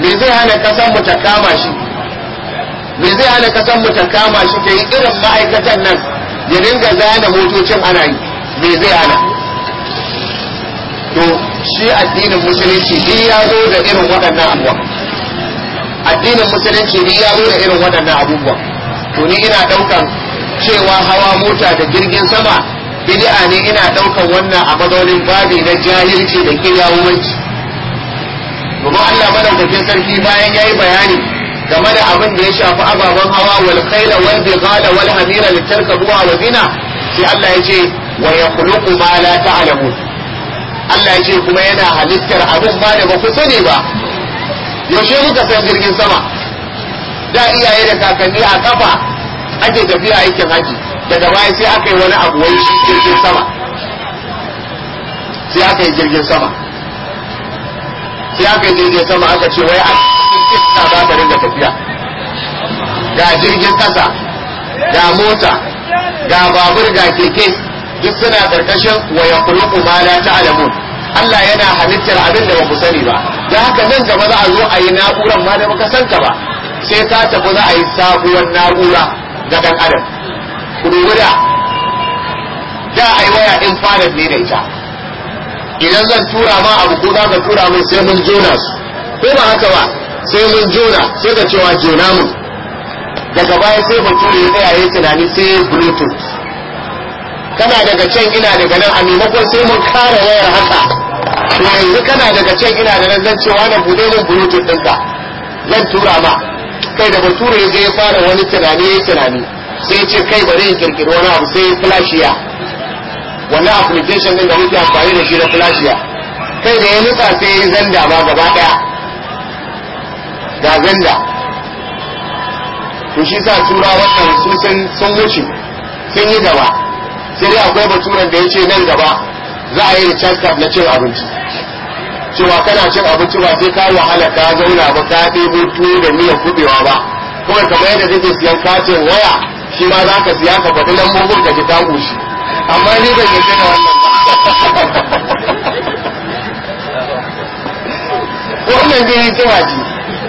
Speaker 2: me zai hana kasan mu ta kama shi me zai hana kasan mu ta kama shi ta yi irin ma'aikatan nan ya dinga zana motocin ana yi me zai hana to shi addinin musulunci shi ya zo da irin waɗannan abubuwa addinin musulunci shi ya zo da irin waɗannan abubuwa to ni ina ɗaukan cewa hawa mota da jirgin sama bid'a ne ina ɗaukar wannan a mazaunin babi na jahilci da kiyawuwanci
Speaker 1: domin Allah madaukakin sarki bayan yayi bayani
Speaker 2: game da abin da ya shafi ababen hawa wal khayla wal bighala wal hamira litarkabuha wa bina sai Allah ya ce wa yakhluqu ma la ta'lamun Allah ya ce kuma yana halittar abin ba da ba ku sani ba yaushe muka san jirgin sama da iyaye da kakanni a kafa ake tafiya aikin haji daga baya sai aka yi wani abu wai jirgin sama sai aka yi jirgin sama sai aka yi jirgin sama aka ce wai a jirgin kasa za ta rinda tafiya ga jirgin kasa ga mota ga babur ga keke duk suna karkashin waya kulku ma la ta'lamu Allah yana halittar abin da ba ku sani ba da haka nan gaba za a zo a yi na'uran ma da baka san ka ba sai ka tafi za a yi sabuwar na'ura ga dan adam ku dubi da da ai waya din fara ne da ita idan zan tura ma abu ko za tura mun sai mun jona su ko ba haka ba sai mun jona sai ka cewa jona mun daga baya sai tura ya tsaya yayi tunani sai bluetooth kana daga can ina daga nan a maimakon sai mun kara wayar haka to yanzu kana daga can ina da nan zan cewa na bude mun bluetooth ɗinka zan tura ma kai da bature zai je ya fara wani tunani ya tunani sai ce kai bari in kirkiri wani abu sai flashiya wannan application din da muke amfani da shi da flashiya kai da ya nutsa sai ya zanda ma gaba daya ga zanda to shi sa tura wannan su sun wuce sun yi gaba sai dai akwai baturen da ya ce nan gaba za a yi recharge card na cin abinci cewa kana cin abinci ba sai ka wahala ka zauna ba ka ɗebo tuwo da miyan kubewa ba kuma kamar yadda kake siyan katin waya shi ma za ka siya ka faɗi lambobin ka ji ta shi amma ni ban yi da wannan ba wannan zai yi tsawa ji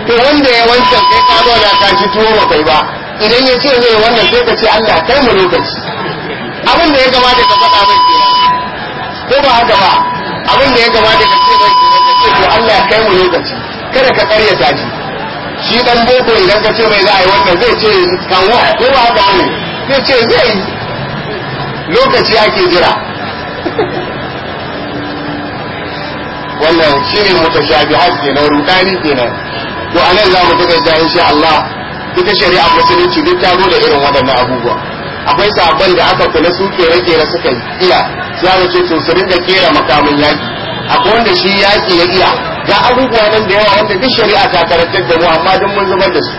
Speaker 2: to wanda ya wancan kai ka zauna ka ci tuwo ba kai ba idan ya ce zai wannan sai ka ce Allah kai mu lokaci abin da ya kamata ka faɗa mai kenan ko ba haka ba abin da ya kamata
Speaker 1: da ce mai ka ce to Allah
Speaker 2: kai mu lokaci kada ka karya taji shi dan boko idan ka ce mai za a yi wannan zai ce kan wa ko ba ka ne zai ce zai lokaci ake jira wannan shine mutashabihat kenan rudani kenan to anan za mu tuka insha Allah ita shari'a musulunci duk ta zo da irin waɗannan abubuwa akwai sabon da aka kula su kere-kere suka iya za mu ce to su kera makamin yaki akwai wanda shi yaki ya iya ga abubuwa nan da yawa wanda duk shari'a ta karantar da mu amma duk mun zubar da su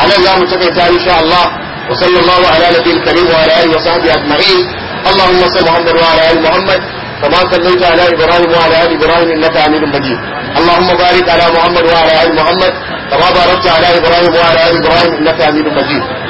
Speaker 2: a nan za mu takaita insha Allah wa sallallahu ala nabiyil karim wa ala alihi wa sahbihi ajma'in اللهم صل محمد وعلى ال محمد كما صليت على ابراهيم وعلى ال ابراهيم انك حميد مجيد اللهم بارك على محمد وعلى ال محمد كما باركت على ابراهيم وعلى ال ابراهيم انك حميد مجيد